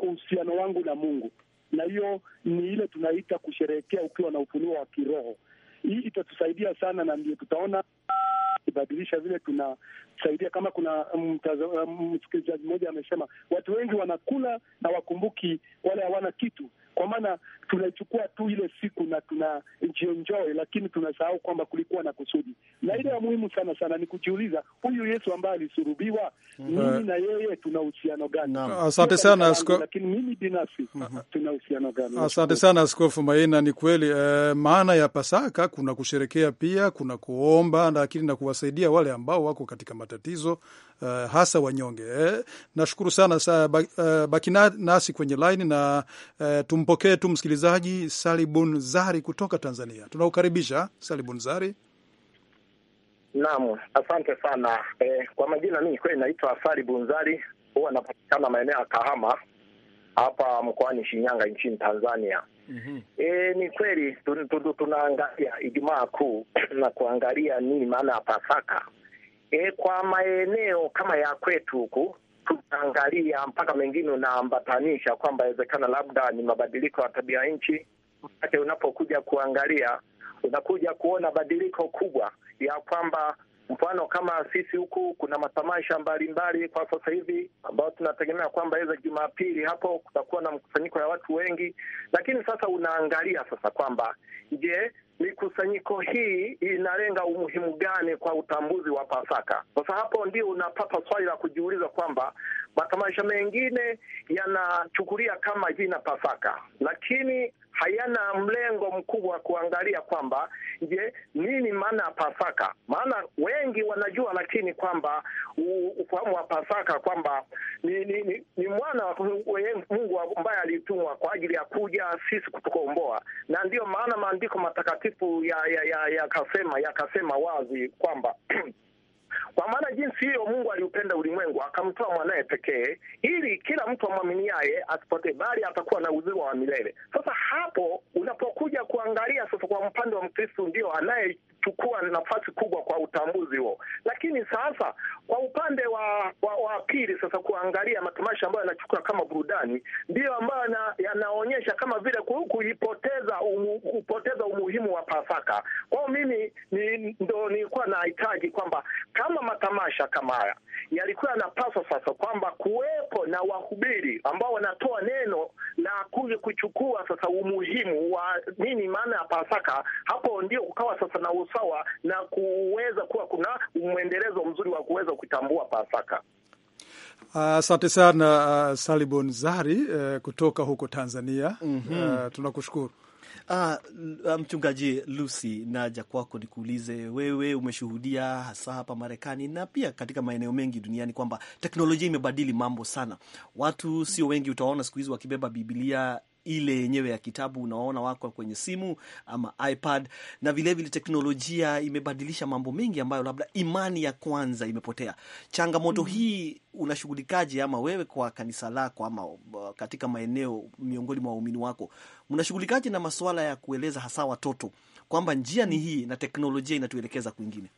uhusiano wangu na Mungu, na hiyo ni ile tunaita kusherehekea ukiwa na ufunuo wa kiroho. Hii itatusaidia sana, na ndio tutaona kibadilisha vile tunasaidia. Kama kuna um, um, msikilizaji mmoja amesema watu wengi wanakula na wakumbuki wale hawana kitu kwa maana tunachukua tu ile siku na tuna tunajienjoy, lakini tunasahau kwamba kulikuwa na kusudi, na ile ya muhimu sana sana ni kujiuliza huyu Yesu ambaye alisurubiwa, mhm. mimi na yeye tuna uhusiano gani? Asante sana askofu, lakini mimi binafsi mhm. tuna uhusiano gani? Asante sana Askofu Maina. Ni kweli eh, maana ya Pasaka kuna kusherekea pia kuna kuomba, lakini na kuwasaidia wale ambao wako katika matatizo Uh, hasa wanyonge eh. Nashukuru sana sa, baki eh, baki nasi kwenye line na uh, eh, tum tumpokee tu msikilizaji Salibun Zari kutoka Tanzania. Tunakukaribisha Salibun Zari. Naam, asante sana eh, kwa majina mimi kweli naitwa Sari Bunzari, huwa napatikana maeneo ya Kahama hapa mkoani Shinyanga nchini Tanzania. mm -hmm. E, ni kweli tunaangalia Ijumaa Kuu na kuangalia nini maana ya Pasaka. E, kwa maeneo kama ya kwetu huku tunaangalia mpaka mengine unaambatanisha kwamba inawezekana labda ni mabadiliko ya tabia nchi. Ake, unapokuja kuangalia unakuja kuona badiliko kubwa ya kwamba mfano kama sisi huku kuna matamasha mbalimbali kwa sasa hivi ambayo tunategemea kwamba iza Jumapili hapo kutakuwa na mkusanyiko ya watu wengi, lakini sasa unaangalia sasa kwamba je, mikusanyiko hii inalenga umuhimu gani kwa utambuzi wa Pasaka? Sasa hapo ndio unapata swali la kujiuliza kwamba matamasha mengine yanachukulia kama jina Pasaka, lakini hayana mlengo mkubwa wa kuangalia kwamba je, nini maana ya Pasaka? Maana wengi wanajua, lakini kwamba ufahamu wa Pasaka kwamba ni, ni, ni, ni mwana wa Mungu ambaye alitumwa kwa ajili ya kuja sisi kutukomboa, na ndiyo maana maandiko matakatifu yakasema ya, ya, ya yakasema wazi kwamba Kwa maana jinsi hiyo Mungu aliupenda ulimwengu akamtoa mwanaye pekee, ili kila mtu amwaminiaye asipotee, bali atakuwa na uzima wa milele. Sasa hapo unapokuja kuangalia sasa, kwa mpande wa Mkristo ndio anaye kuchukua nafasi kubwa kwa utambuzi huo. Lakini sasa kwa upande wa wa, wa pili sasa, kuangalia matamasha ambayo yanachukua kama burudani, ndiyo ambayo yanaonyesha kama vile kuipoteza umu, kupoteza umuhimu wa Pasaka. Kwao mimi ni, ndo nilikuwa nahitaji kwamba kama matamasha kama haya yalikuwa yanapaswa sasa kwamba kuwepo na wahubiri ambao wanatoa neno la kuja kuchukua sasa umuhimu wa nini maana ya Pasaka. Hapo ndio kukawa sasa na sawa na kuweza kuwa kuna mwendelezo mzuri wa kuweza kutambua Pasaka. Asante uh, sana uh, Salibon Zari uh, kutoka huko Tanzania mm -hmm. uh, tunakushukuru. Ah, uh, mchungaji Lucy, naja kwako nikuulize, wewe umeshuhudia hasa hapa Marekani na pia katika maeneo mengi duniani kwamba teknolojia imebadili mambo sana. Watu sio wengi utaona siku hizi wakibeba Biblia ile yenyewe ya kitabu unaona wako kwenye simu ama iPad, na vilevile vile teknolojia imebadilisha mambo mengi ambayo labda imani ya kwanza imepotea. Changamoto mm. hii unashughulikaje, ama wewe kwa kanisa lako ama uh, katika maeneo miongoni mwa waumini wako mnashughulikaje na masuala ya kueleza hasa watoto kwamba njia ni mm. hii na teknolojia inatuelekeza kwingine?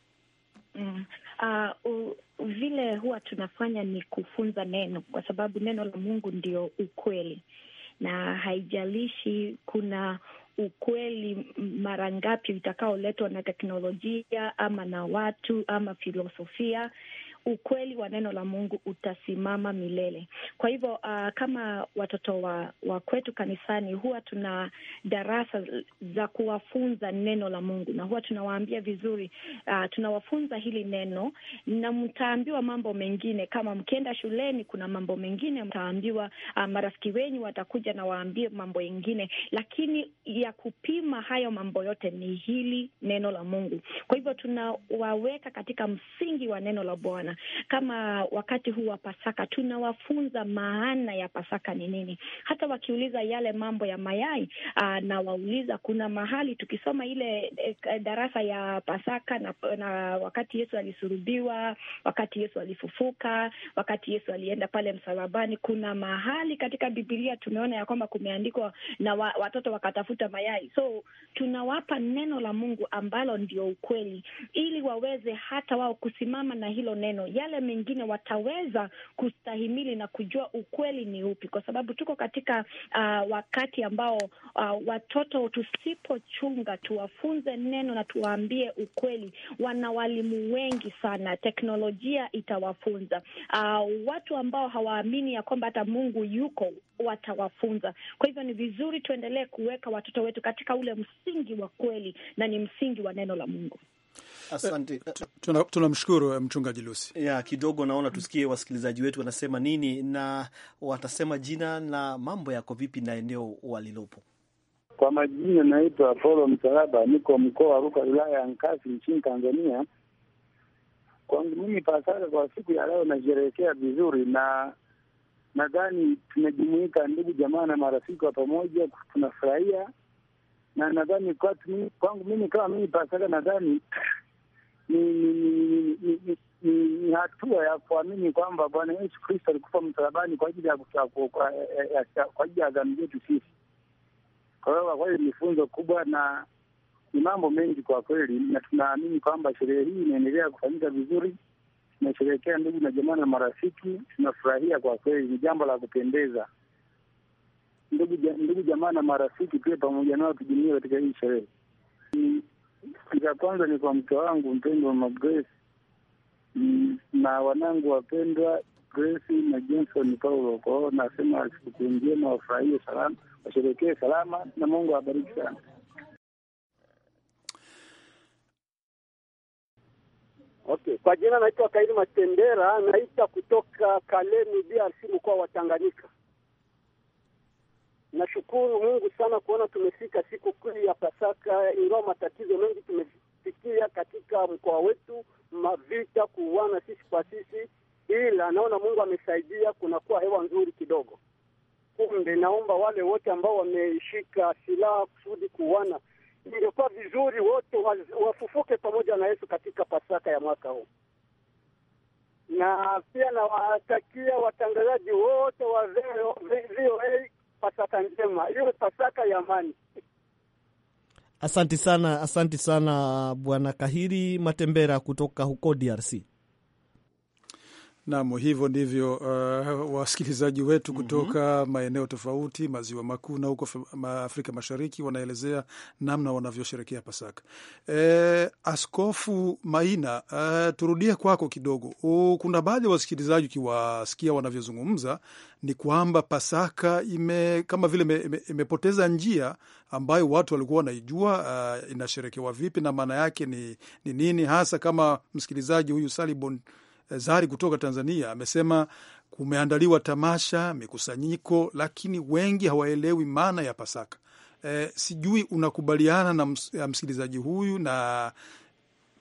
Mm. Uh, u, vile huwa tunafanya ni kufunza neno, kwa sababu neno la Mungu ndio ukweli na haijalishi kuna ukweli mara ngapi utakaoletwa na teknolojia ama na watu ama filosofia ukweli wa neno la Mungu utasimama milele. Kwa hivyo uh, kama watoto wa, wa kwetu kanisani huwa tuna darasa za kuwafunza neno la Mungu na huwa tunawaambia vizuri uh, tunawafunza hili neno na mtaambiwa mambo mengine. Kama mkienda shuleni, kuna mambo mengine mtaambiwa, uh, marafiki wenyu watakuja na waambie mambo mengine, lakini ya kupima hayo mambo yote ni hili neno la Mungu. Kwa hivyo tunawaweka katika msingi wa neno la Bwana kama wakati huu wa Pasaka tunawafunza maana ya Pasaka ni nini. Hata wakiuliza yale mambo ya mayai aa, ah, na wauliza kuna mahali tukisoma ile e, darasa ya Pasaka na, na wakati Yesu alisurubiwa, wakati Yesu alifufuka, wakati Yesu alienda pale msalabani, kuna mahali katika Bibilia tumeona ya kwamba kumeandikwa na wa, watoto wakatafuta mayai. So tunawapa neno la Mungu ambalo ndio ukweli, ili waweze hata wao kusimama na hilo neno yale mengine wataweza kustahimili na kujua ukweli ni upi, kwa sababu tuko katika uh, wakati ambao uh, watoto tusipochunga, tuwafunze neno na tuwaambie ukweli, wana walimu wengi sana, teknolojia itawafunza uh, watu ambao hawaamini ya kwamba hata Mungu yuko watawafunza. Kwa hivyo ni vizuri tuendelee kuweka watoto wetu katika ule msingi wa kweli na ni msingi wa neno la Mungu. Asante. Tunamshukuru tuna eh, mchungaji Lusi. Ya, kidogo naona tusikie wasikilizaji wetu wanasema nini na watasema jina na mambo yako vipi na eneo walilopo. Kwa majina naitwa Apolo Msalaba, niko mkoa wa ruka wilaya ya Nkasi, nchini Tanzania. Kwangu mimi Pasaka kwa siku ya leo nasherehekea vizuri, na nadhani tumejumuika ndugu jamaa na marafiki wa pamoja, tunafurahia na nadhani kwangu mimi kama mimi Pasaka nadhani ni ni ni ni ni hatua ya kuamini kwamba Bwana Yesu Kristo alikufa msalabani kwa ajili ya kwa ajili ya dhambi zetu sisi. Kwa hiyo kwa kweli ni funzo kubwa na ni mambo mengi kwa kweli, na tunaamini kwamba sherehe hii inaendelea kufanyika vizuri. Tunasherehekea ndugu na jamaa na marafiki, tunafurahia kwa kweli, ni jambo la kupendeza. Ndugu jamaa na marafiki pia pamoja nao tujumuia katika hii sherehe za kwanza ni kwa mke wangu mpendwa Mama Grace mm, na wanangu wapendwa Grace na Johnson Paulo. Kwa hiyo nasema sikukuu njema, wafurahie salama, washerekee salama na Mungu awabariki sana. Okay, kwa jina naitwa Kaili Matendera, naita kutoka Kalemi DRC, mkoa wa Tanganyika. Nashukuru Mungu sana kuona tumefika siku kuu ya Pasaka, ingawa matatizo mengi tumefikia katika mkoa wetu, mavita kuuana sisi kwa sisi, ila naona Mungu amesaidia, kunakuwa hewa nzuri kidogo. Kumbe naomba wale wote ambao wameshika silaha kusudi kuuana, ingekuwa vizuri wote wafufuke pamoja na Yesu katika Pasaka ya mwaka huu na pia nawatakia watangazaji wote wa VOA Pasaka njema, hiyo Pasaka ya amani. Asanti sana, asanti sana Bwana Kahiri Matembera kutoka huko DRC. Nam, hivyo ndivyo uh, wasikilizaji wetu mhm. kutoka mm -hmm. maeneo tofauti maziwa makuu na huko Afrika Mashariki wanaelezea namna wanavyosherekea Pasaka. E, Askofu Maina, uh, turudie kwako kidogo. kuna baadhi ya wasikilizaji ukiwasikia wanavyozungumza ni kwamba Pasaka ime kama vile me, me, imepoteza njia ambayo watu walikuwa wanaijua uh, inasherekewa vipi na maana yake ni, ni nini hasa, kama msikilizaji huyu Salibon Zari kutoka Tanzania amesema kumeandaliwa tamasha, mikusanyiko, lakini wengi hawaelewi maana ya Pasaka. E, sijui unakubaliana na msikilizaji huyu na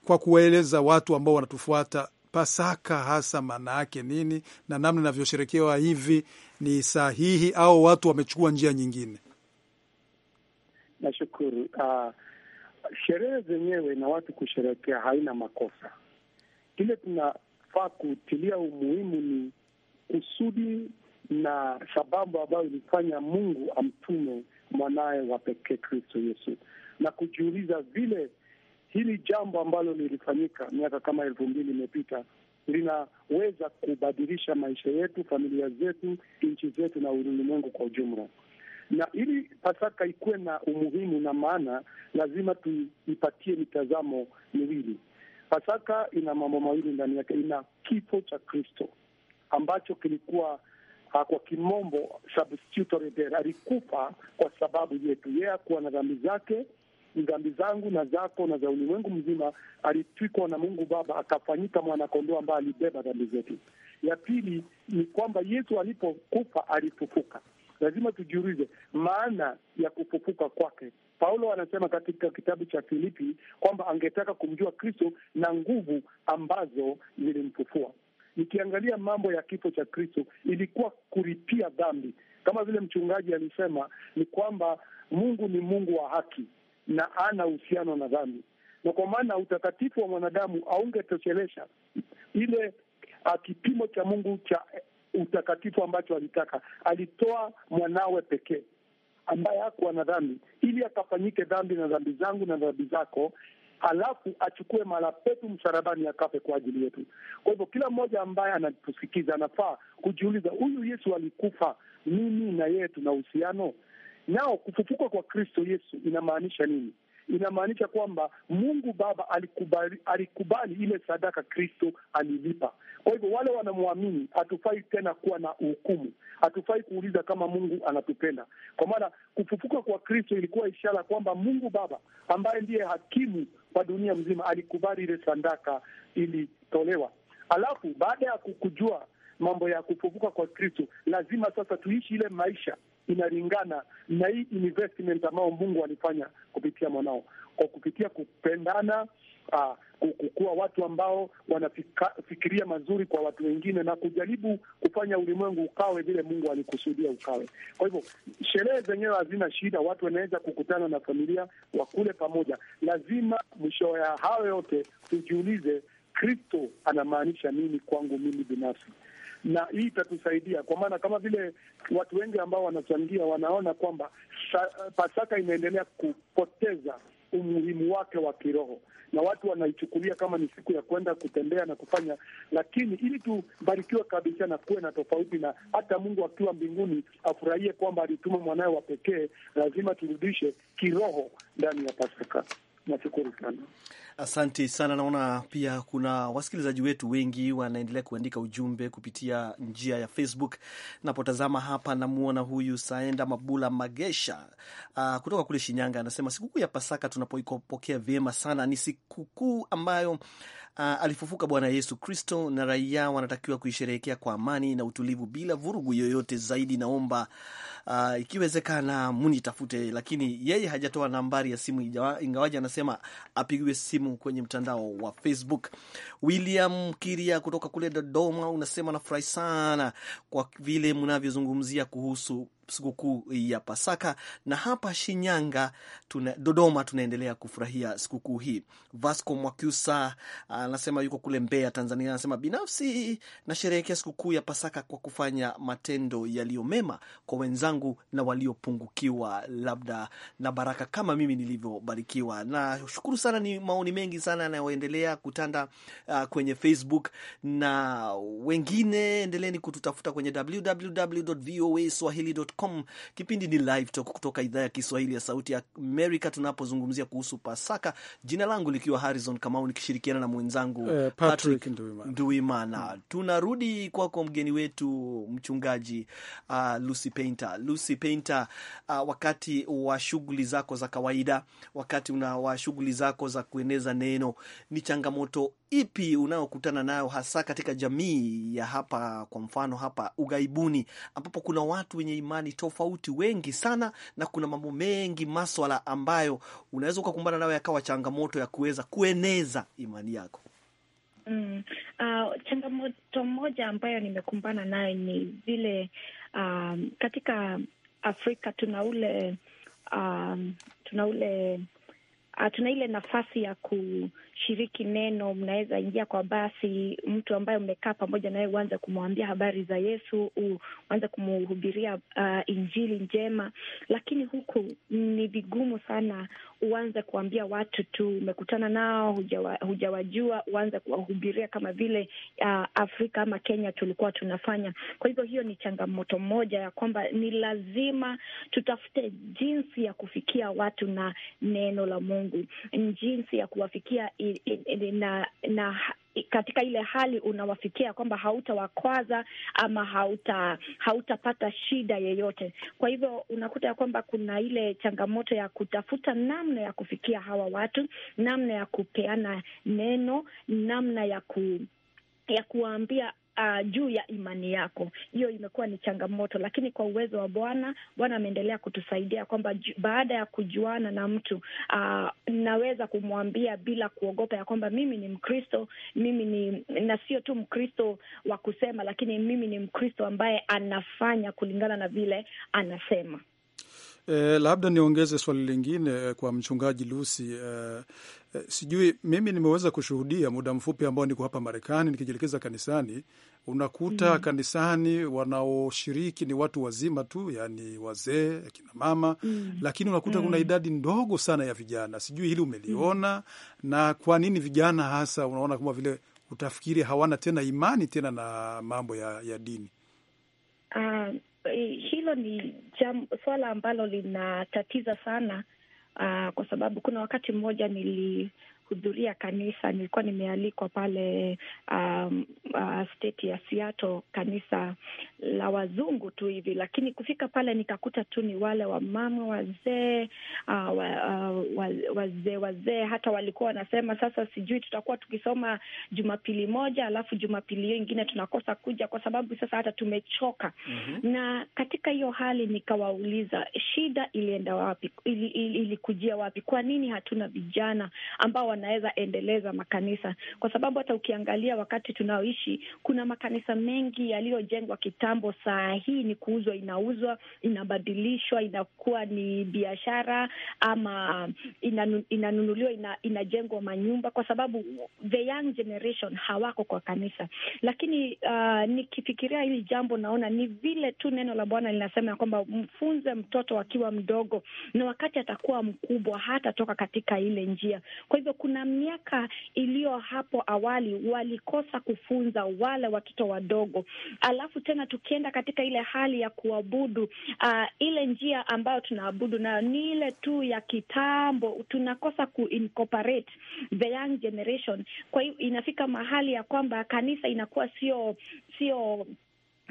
kwa kuwaeleza watu ambao wanatufuata Pasaka hasa maana yake nini na namna inavyosherekewa hivi ni sahihi au watu wamechukua njia nyingine? Nashukuru. Uh, sherehe zenyewe na watu kusherekea haina makosa. Kile tuna tunafaa kutilia umuhimu ni kusudi na sababu ambayo ilifanya Mungu amtume mwanaye wa pekee Kristo Yesu, na kujiuliza vile hili jambo ambalo lilifanyika miaka kama elfu mbili imepita linaweza kubadilisha maisha yetu, familia zetu, nchi zetu na ulimwengu kwa ujumla. Na ili Pasaka ikuwe na umuhimu na maana, lazima tuipatie mitazamo miwili. Pasaka ina mambo mawili ndani yake, ina kifo cha Kristo ambacho kilikuwa ah, kwa kimombo substitutory death. Alikufa kwa sababu yetu, yeye akuwa na dhambi zake, dhambi zangu na zako na za ulimwengu mzima. Alitwikwa na Mungu Baba akafanyika mwanakondoo ambaye alibeba dhambi zetu. Ya pili ni kwamba Yesu alipokufa alifufuka. Lazima tujiulize maana ya kufufuka kwake. Paulo anasema katika kitabu cha Filipi kwamba angetaka kumjua Kristo na nguvu ambazo zilimfufua. Nikiangalia mambo ya kifo cha Kristo ilikuwa kulipia dhambi, kama vile mchungaji alisema, ni kwamba Mungu ni Mungu wa haki na ana uhusiano na dhambi, na kwa maana utakatifu wa mwanadamu aungetoshelesha ile kipimo cha Mungu cha utakatifu ambacho alitaka. Alitoa mwanawe pekee ambaye hakuwa na dhambi, ili akafanyike dhambi na dhambi zangu na dhambi zako, alafu achukue mara petu msalabani, akafe kwa ajili yetu. Kwa hivyo kila mmoja ambaye anatusikiza anafaa kujiuliza, huyu Yesu alikufa, mimi na yeye tuna uhusiano nao? Kufufuka kwa Kristo Yesu inamaanisha nini? inamaanisha kwamba Mungu Baba alikubali, alikubali ile sadaka Kristo alilipa. Kwa hivyo wale wanamwamini, hatufai tena kuwa na hukumu, hatufai kuuliza kama Mungu anatupenda, kwa maana kufufuka kwa Kristo ilikuwa ishara kwamba Mungu Baba ambaye ndiye hakimu wa dunia mzima alikubali ile sadaka ilitolewa. Alafu baada ya kujua mambo ya kufufuka kwa Kristo, lazima sasa tuishi ile maisha inalingana na hii investment ambayo Mungu alifanya kupitia mwanao, kwa kupitia kupendana, aa, ah, watu ambao wanafikiria mazuri kwa watu wengine na kujaribu kufanya ulimwengu ukawe vile Mungu alikusudia ukawe. Kwa hivyo sherehe zenyewe hazina shida, watu wanaweza kukutana na familia wakule pamoja. Lazima mwisho ya hayo yote tujiulize, Kristo anamaanisha nini kwangu mimi binafsi? na hii itatusaidia kwa maana, kama vile watu wengi ambao wanachangia wanaona kwamba Pasaka imeendelea kupoteza umuhimu wake wa kiroho na watu wanaichukulia kama ni siku ya kwenda kutembea na kufanya, lakini ili tubarikiwe kabisa na kuwe na tofauti, na hata Mungu akiwa mbinguni afurahie kwamba alituma mwanawe wa pekee, lazima turudishe kiroho ndani ya Pasaka. Nashukuru sana, asante sana. Naona pia kuna wasikilizaji wetu wengi wanaendelea kuandika ujumbe kupitia njia ya Facebook. Napotazama hapa, namwona huyu Saenda Mabula Magesha uh, kutoka kule Shinyanga, anasema sikukuu ya Pasaka tunapoipokea vyema sana, ni sikukuu ambayo Uh, alifufuka Bwana Yesu Kristo, na raia wanatakiwa kuisherehekea kwa amani na utulivu bila vurugu yoyote zaidi. Naomba uh, ikiwezekana munitafute, lakini yeye hajatoa nambari ya simu, ingawaji anasema apigiwe simu kwenye mtandao wa Facebook. William Kiria kutoka kule Dodoma unasema nafurahi sana kwa vile mnavyozungumzia kuhusu sikukuu ya Pasaka, na hapa Shinyanga tuna, Dodoma tunaendelea kufurahia sikukuu hii. Vasco Mwakyusa ah, anasema yuko kule Mbeya, Tanzania, anasema binafsi nasherehekea sikukuu ya Pasaka kwa kufanya matendo yaliyo mema kwa wenzangu na waliopungukiwa labda na baraka kama mimi nilivyobarikiwa. Na shukuru sana, ni maoni mengi sana yanayoendelea kutanda uh, kwenye Facebook na wengine, endeleni kututafuta kwenye www.voaswahili.com com. Kipindi ni Live Talk kutoka idhaa ya Kiswahili ya Sauti ya Amerika, tunapozungumzia kuhusu Pasaka, jina langu likiwa Harrison Kamau nikishirikiana na mwenzangu eh, Patrick Nduimana hmm. Tunarudi kwako kwa mgeni wetu mchungaji uh, Lucy Painter. Lucy Painter, uh, wakati wa shughuli zako za kawaida, wakati una wa shughuli zako za kueneza neno, ni changamoto ipi unayokutana nayo hasa katika jamii ya hapa, kwa mfano hapa ughaibuni, ambapo kuna watu wenye imani tofauti wengi sana, na kuna mambo mengi, maswala ambayo unaweza ukakumbana nayo yakawa changamoto ya kuweza kueneza imani yako? Mm, uh, changamoto moja ambayo nimekumbana nayo ni vile uh, katika Afrika tuna ule uh, tuna ule uh, tuna ile nafasi ya ku shiriki neno, mnaweza ingia kwa basi, mtu ambaye umekaa pamoja naye uanze kumwambia habari za Yesu, uanze kumhubiria uh, injili njema. Lakini huku ni vigumu sana uanze kuambia watu tu umekutana nao, hujawa, hujawajua, uanze kuwahubiria kama vile uh, Afrika ama Kenya tulikuwa tunafanya. Kwa hivyo hiyo ni changamoto moja ya kwamba ni lazima tutafute jinsi ya kufikia watu na neno la Mungu, jinsi ya kuwafikia na, na katika ile hali unawafikia kwamba hautawakwaza ama hauta hautapata shida yeyote. Kwa hivyo unakuta ya kwamba kuna ile changamoto ya kutafuta namna ya kufikia hawa watu, namna ya kupeana neno, namna ya ku ya kuwaambia uh, juu ya imani yako. Hiyo imekuwa ni changamoto, lakini kwa uwezo wa Bwana, Bwana ameendelea kutusaidia kwamba baada ya kujuana na mtu uh, naweza kumwambia bila kuogopa ya kwamba mimi ni Mkristo, mimi ni na sio tu Mkristo wa kusema, lakini mimi ni Mkristo ambaye anafanya kulingana na vile anasema. E, labda niongeze swali lingine kwa mchungaji Lusi. E, eh, e, eh, sijui mimi nimeweza kushuhudia muda mfupi ambao niko hapa Marekani nikijielekeza kanisani, unakuta mm kanisani wanaoshiriki ni watu wazima tu, yani wazee, akina mama mm lakini unakuta mm kuna mm-hmm. idadi ndogo sana ya vijana. Sijui hili umeliona mm na kwa nini vijana hasa unaona kama vile utafikiri hawana tena imani tena na mambo ya, ya dini um, Eh, hilo ni jam, swala ambalo linatatiza sana uh, kwa sababu kuna wakati mmoja nili kuhudhuria kanisa. Nilikuwa nimealikwa pale um, uh, state ya Seattle, kanisa la wazungu tu hivi, lakini kufika pale nikakuta tu ni wale wamama wazee, uh, uh wazee uh, wazee hata walikuwa wanasema sasa, sijui tutakuwa tukisoma Jumapili moja alafu Jumapili hiyo ingine tunakosa kuja kwa sababu sasa hata tumechoka. mm -hmm. Na katika hiyo hali nikawauliza shida ilienda wapi, ili, ili, ilikujia wapi? Kwa nini hatuna vijana ambao wanaweza endeleza makanisa, kwa sababu hata ukiangalia wakati tunaoishi kuna makanisa mengi yaliyojengwa kitambo, saa hii ni kuuzwa, inauzwa, inabadilishwa, inakuwa ni biashara ama inanunuliwa, ina, inajengwa manyumba, kwa sababu the young generation hawako kwa kanisa. Lakini uh, nikifikiria hili jambo naona ni vile tu neno la Bwana linasema ya kwamba mfunze mtoto akiwa mdogo, na wakati atakuwa mkubwa hata toka katika ile njia. Kwa hivyo kuna miaka iliyo hapo awali walikosa kufunza wale watoto wadogo, alafu tena tukienda katika ile hali ya kuabudu uh, ile njia ambayo tunaabudu nayo ni ile tu ya kitambo, tunakosa kuincorporate the young generation. Kwa hiyo inafika mahali ya kwamba kanisa inakuwa sio sio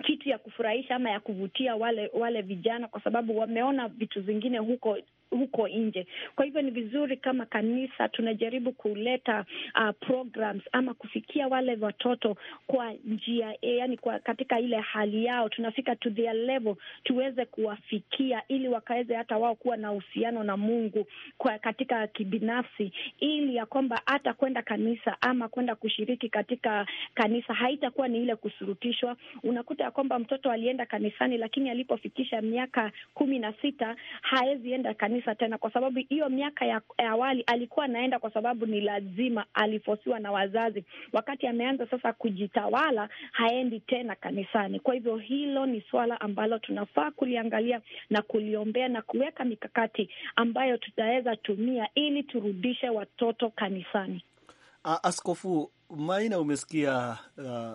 kitu ya kufurahisha ama ya kuvutia wale wale vijana, kwa sababu wameona vitu zingine huko huko nje. Kwa hivyo ni vizuri kama kanisa tunajaribu kuleta uh, programs ama kufikia wale watoto kwa njia e, yani kwa katika ile hali yao, tunafika to their level, tuweze kuwafikia ili wakaweze hata wao kuwa na uhusiano na Mungu kwa katika kibinafsi, ili ya kwamba hata kwenda kanisa ama kwenda kushiriki katika kanisa haitakuwa ni ile kusurutishwa. Unakuta ya kwamba mtoto alienda kanisani, lakini alipofikisha miaka kumi na sita haezi enda kanisa kanisa tena, kwa sababu hiyo miaka ya awali alikuwa anaenda kwa sababu ni lazima, alifosiwa na wazazi. Wakati ameanza sasa kujitawala, haendi tena kanisani. Kwa hivyo hilo ni suala ambalo tunafaa kuliangalia na kuliombea na kuweka mikakati ambayo tutaweza tumia ili turudishe watoto kanisani. Askofu Maina, umesikia uh,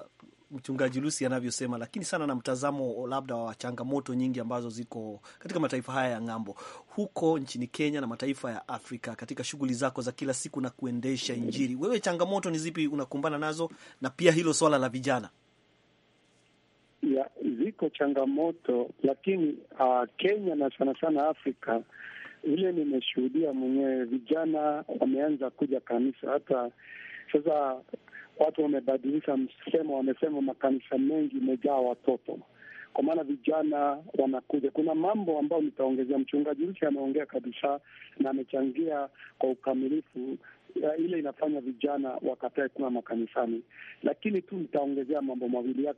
mchungaji Lusi anavyosema, lakini sana na mtazamo labda wa changamoto nyingi ambazo ziko katika mataifa haya ya ng'ambo, huko nchini Kenya na mataifa ya Afrika, katika shughuli zako za kila siku na kuendesha Injili, wewe changamoto ni zipi unakumbana nazo, na pia hilo swala la vijana? Ya, ziko changamoto lakini uh, Kenya na sana sana Afrika vile nimeshuhudia mwenyewe, vijana wameanza kuja kanisa. Hata sasa watu wamebadilisha msemo, wamesema makanisa mengi imejaa watoto, kwa maana vijana wanakuja. Kuna mambo ambayo nitaongezea, mchungaji Rusi ameongea kabisa na amechangia kwa ukamilifu uh, ile inafanya vijana wakatae kuna makanisani Lakini tu nitaongezea mambo mawili ya,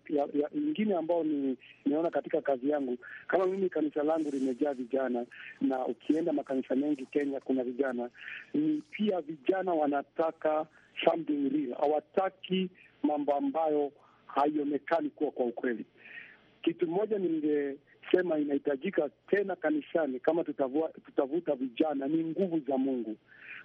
ingine ambao ni nimeona katika kazi yangu. Kama mimi kanisa langu limejaa vijana, na ukienda makanisa mengi Kenya kuna vijana, ni pia vijana wanataka something real, hawataki mambo ambayo haionekani kuwa kwa ukweli. Kitu moja ninge sema inahitajika tena kanisani, kama tutavua, tutavuta vijana, ni nguvu za Mungu,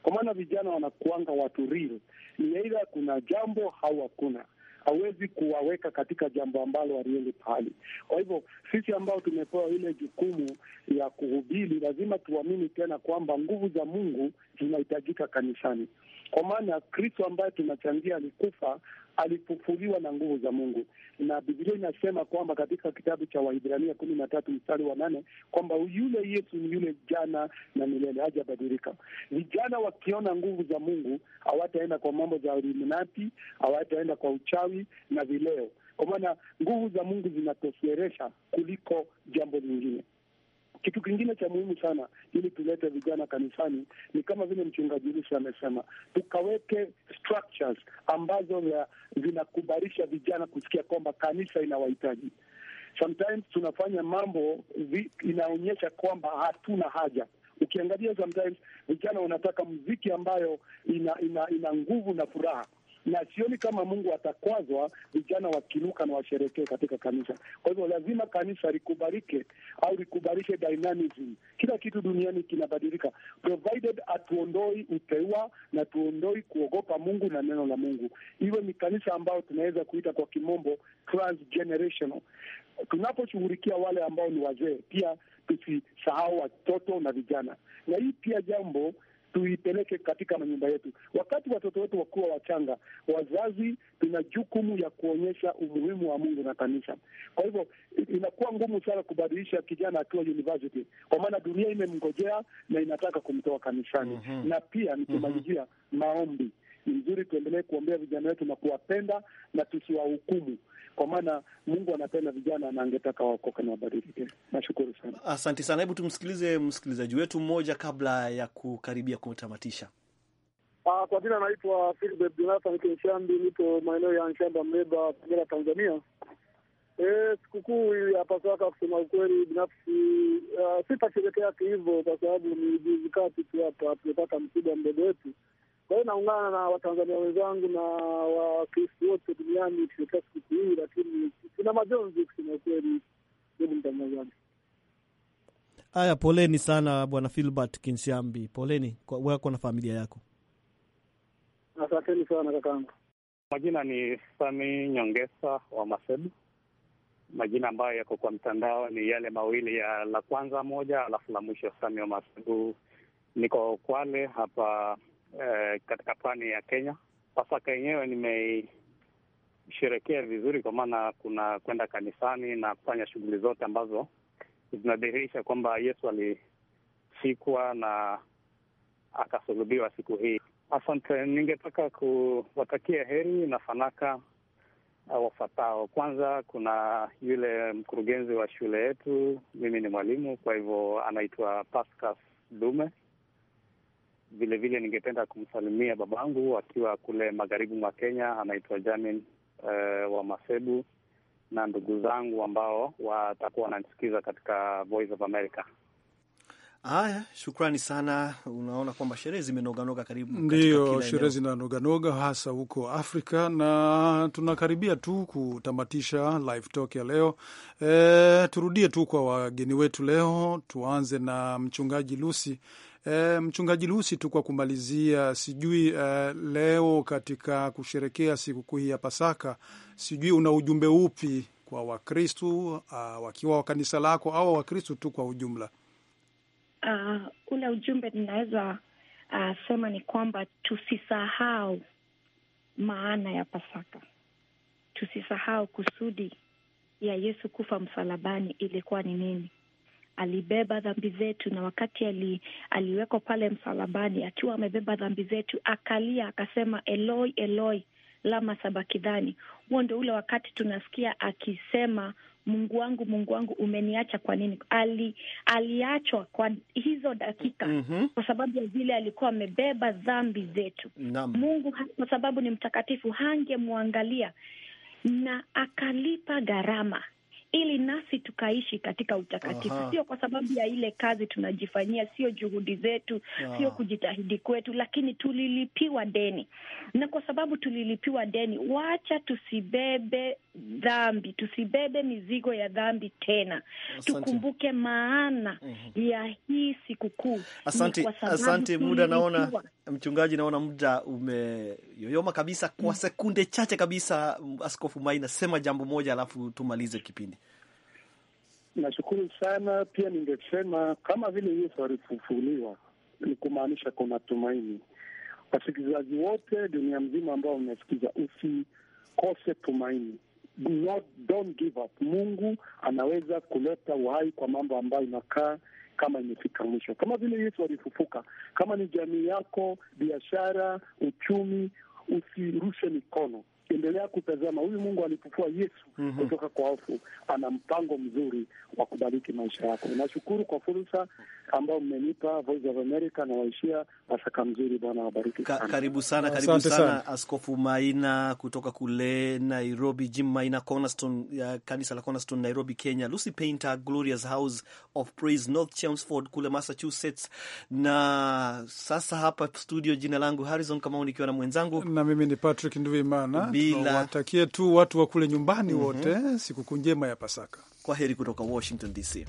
kwa maana vijana wanakuanga watu real, ni aidha kuna jambo au hakuna hawezi kuwaweka katika jambo ambalo waliende pahali. Kwa hivyo sisi ambao tumepewa ile jukumu ya kuhubiri, lazima tuamini tena kwamba nguvu za Mungu zinahitajika kanisani, kwa maana Kristo ambaye tunachangia alikufa alifufuliwa na nguvu za Mungu, na Biblia inasema kwamba katika kitabu cha Waibrania kumi na tatu mstari wa nane kwamba yule Yesu ni yule jana na milele, hajabadilika. Vijana wakiona nguvu za Mungu hawataenda kwa mambo za Illuminati, hawataenda kwa uchawi na vileo, kwa maana nguvu za Mungu zinatosweresha kuliko jambo lingine. Kitu kingine cha muhimu sana ili tulete vijana kanisani ni kama vile mchungaji Lisha amesema, tukaweke structures ambazo zinakubarisha vijana kusikia kwamba kanisa inawahitaji. Sometimes tunafanya mambo inaonyesha kwamba hatuna haja Ukiangalia sometimes vijana wanataka mziki ambayo ina ina, ina nguvu na furaha, na sioni kama Mungu atakwazwa vijana wakiruka na washerekee katika kanisa. Kwa hivyo lazima kanisa likubalike au likubalishe dynamism. Kila kitu duniani kinabadilika, provided hatuondoi uteua na tuondoi kuogopa Mungu na neno la Mungu. Iwe ni kanisa ambayo tunaweza kuita kwa kimombo transgenerational. Tunaposhughulikia wale ambao ni wazee, pia tusisahau watoto na vijana, na hii pia jambo tuipeleke katika manyumba yetu. Wakati watoto wetu wakuwa wachanga, wazazi tuna jukumu ya kuonyesha umuhimu wa Mungu na kanisa. Kwa hivyo inakuwa ngumu sana kubadilisha kijana akiwa university, kwa maana dunia imemngojea na inataka kumtoa kanisani. mm -hmm. na pia nikimalizia, mm -hmm. maombi ni vizuri tuendelee kuombea vijana wetu na kuwapenda na tusiwahukumu, kwa maana Mungu anapenda vijana na angetaka waokoke na wabadilike. Nashukuru sana, asante sana. Hebu tumsikilize msikilizaji wetu mmoja kabla ya kukaribia kutamatisha. Aa, ah, kwa jina anaitwa Philip Jonathan Kenshambi, nipo maeneo ya Nshamba, Mleba, Kagera, Tanzania. E, sikukuu ya Pasaka kusema ukweli binafsi uh, ah, sitasherekea hivyo kwa sababu ni juzi kati tu hapa tumepata msiba mdogo wetu kwa hiyo naungana na Watanzania wenzangu na Wakristo wote duniani kusherekea sikukuu hii, lakini kuna majonzi kusema ukweli, ndugu mtangazaji. Haya, poleni sana Bwana Filbert Kinsiambi, poleni kwa wako na familia yako. Asanteni sana kakangu. Majina ni Sami Nyongesa wa Masedu. Majina ambayo yako kwa mtandao ni yale mawili ya la kwanza moja, alafu la mwisho Sami wa Masedu. Niko Kwale hapa Eh, katika pwani ya Kenya. Pasaka yenyewe nimeisherekea vizuri, kwa maana kuna kwenda kanisani na kufanya shughuli zote ambazo zinadhihirisha kwamba Yesu alifikwa na akasulubiwa siku hii. Asante. Ningetaka kuwatakia heri na fanaka eh, wafatao. Kwanza kuna yule mkurugenzi wa shule yetu, mimi ni mwalimu, kwa hivyo anaitwa Pascas Dume Vilevile ningependa kumsalimia babangu akiwa kule magharibi mwa Kenya, anaitwa Jamin uh, wa Masebu na ndugu zangu ambao watakuwa wananisikiza katika Voice of America. Haya, shukrani sana. Unaona kwamba sherehe zimenoganoga karibu, ndio sherehe zinanoganoga hasa huko Afrika, na tunakaribia tu kutamatisha live talk ya leo. E, turudie tu kwa wageni wetu leo, tuanze na mchungaji Lusi E, Mchungaji Lusi, tu kwa kumalizia, sijui e, leo katika kusherekea sikukuu hii ya Pasaka, sijui una ujumbe upi kwa Wakristu ah, wakiwa wa kanisa lako au Wakristu tu kwa ujumla? Uh, ule ujumbe ninaweza uh, sema ni kwamba tusisahau maana ya Pasaka, tusisahau kusudi ya Yesu kufa msalabani ilikuwa ni nini, alibeba dhambi zetu, na wakati ali, aliwekwa pale msalabani akiwa amebeba dhambi zetu, akalia akasema, Eloi Eloi lama sabakidhani. Huo ndo ule wakati tunasikia akisema Mungu wangu Mungu wangu umeniacha kwa nini? Ali, aliachwa kwa hizo dakika mm -hmm. kwa sababu ya vile alikuwa amebeba dhambi zetu Nam. Mungu kwa sababu ni mtakatifu hangemwangalia na akalipa gharama ili nasi tukaishi katika utakatifu. Sio kwa sababu ya ile kazi tunajifanyia, sio juhudi zetu, sio kujitahidi kwetu, lakini tulilipiwa deni, na kwa sababu tulilipiwa deni, wacha tusibebe dhambi, tusibebe mizigo ya dhambi tena. Asante. Tukumbuke maana mm -hmm. ya hii sikukuu. Asante, asante. Muda naona mchungaji, naona muda umeyoyoma kabisa. Kwa mm. sekunde chache kabisa, Askofu Maina, sema jambo moja alafu tumalize kipindi. Nashukuru sana. Pia ningesema kama vile Yesu alifufuliwa, ni kumaanisha kuna tumaini. Wasikilizaji wote dunia mzima ambao wamesikiza, usikose tumaini. Not, don't give up. Mungu anaweza kuleta uhai kwa mambo ambayo inakaa kama imefika mwisho, kama vile Yesu alifufuka. Kama ni jamii yako, biashara, uchumi, usirushe mikono endelea kutazama, huyu Mungu alifufua Yesu mm -hmm. kutoka kwa wafu. Ana mpango mzuri wa kubariki maisha yako. Nashukuru kwa fursa ambayo mmenipa Voice of America na waishia mzuri. Bwana wabariki sana. Ka karibu sana, karibu sana, sana Askofu Maina kutoka kule Nairobi, Jim Maina Cornerstone, ya kanisa la Cornerstone Nairobi, Kenya, Lucy Painter Glorious House of Praise North Chelmsford kule Massachusetts. Na sasa hapa studio, jina langu Harrison Kamau nikiwa na mwenzangu na mimi ni Patrick nduimana bila. Watakie tu watu wa kule nyumbani mm -hmm. wote eh, sikukuu njema ya Pasaka. Kwa heri kutoka Washington DC.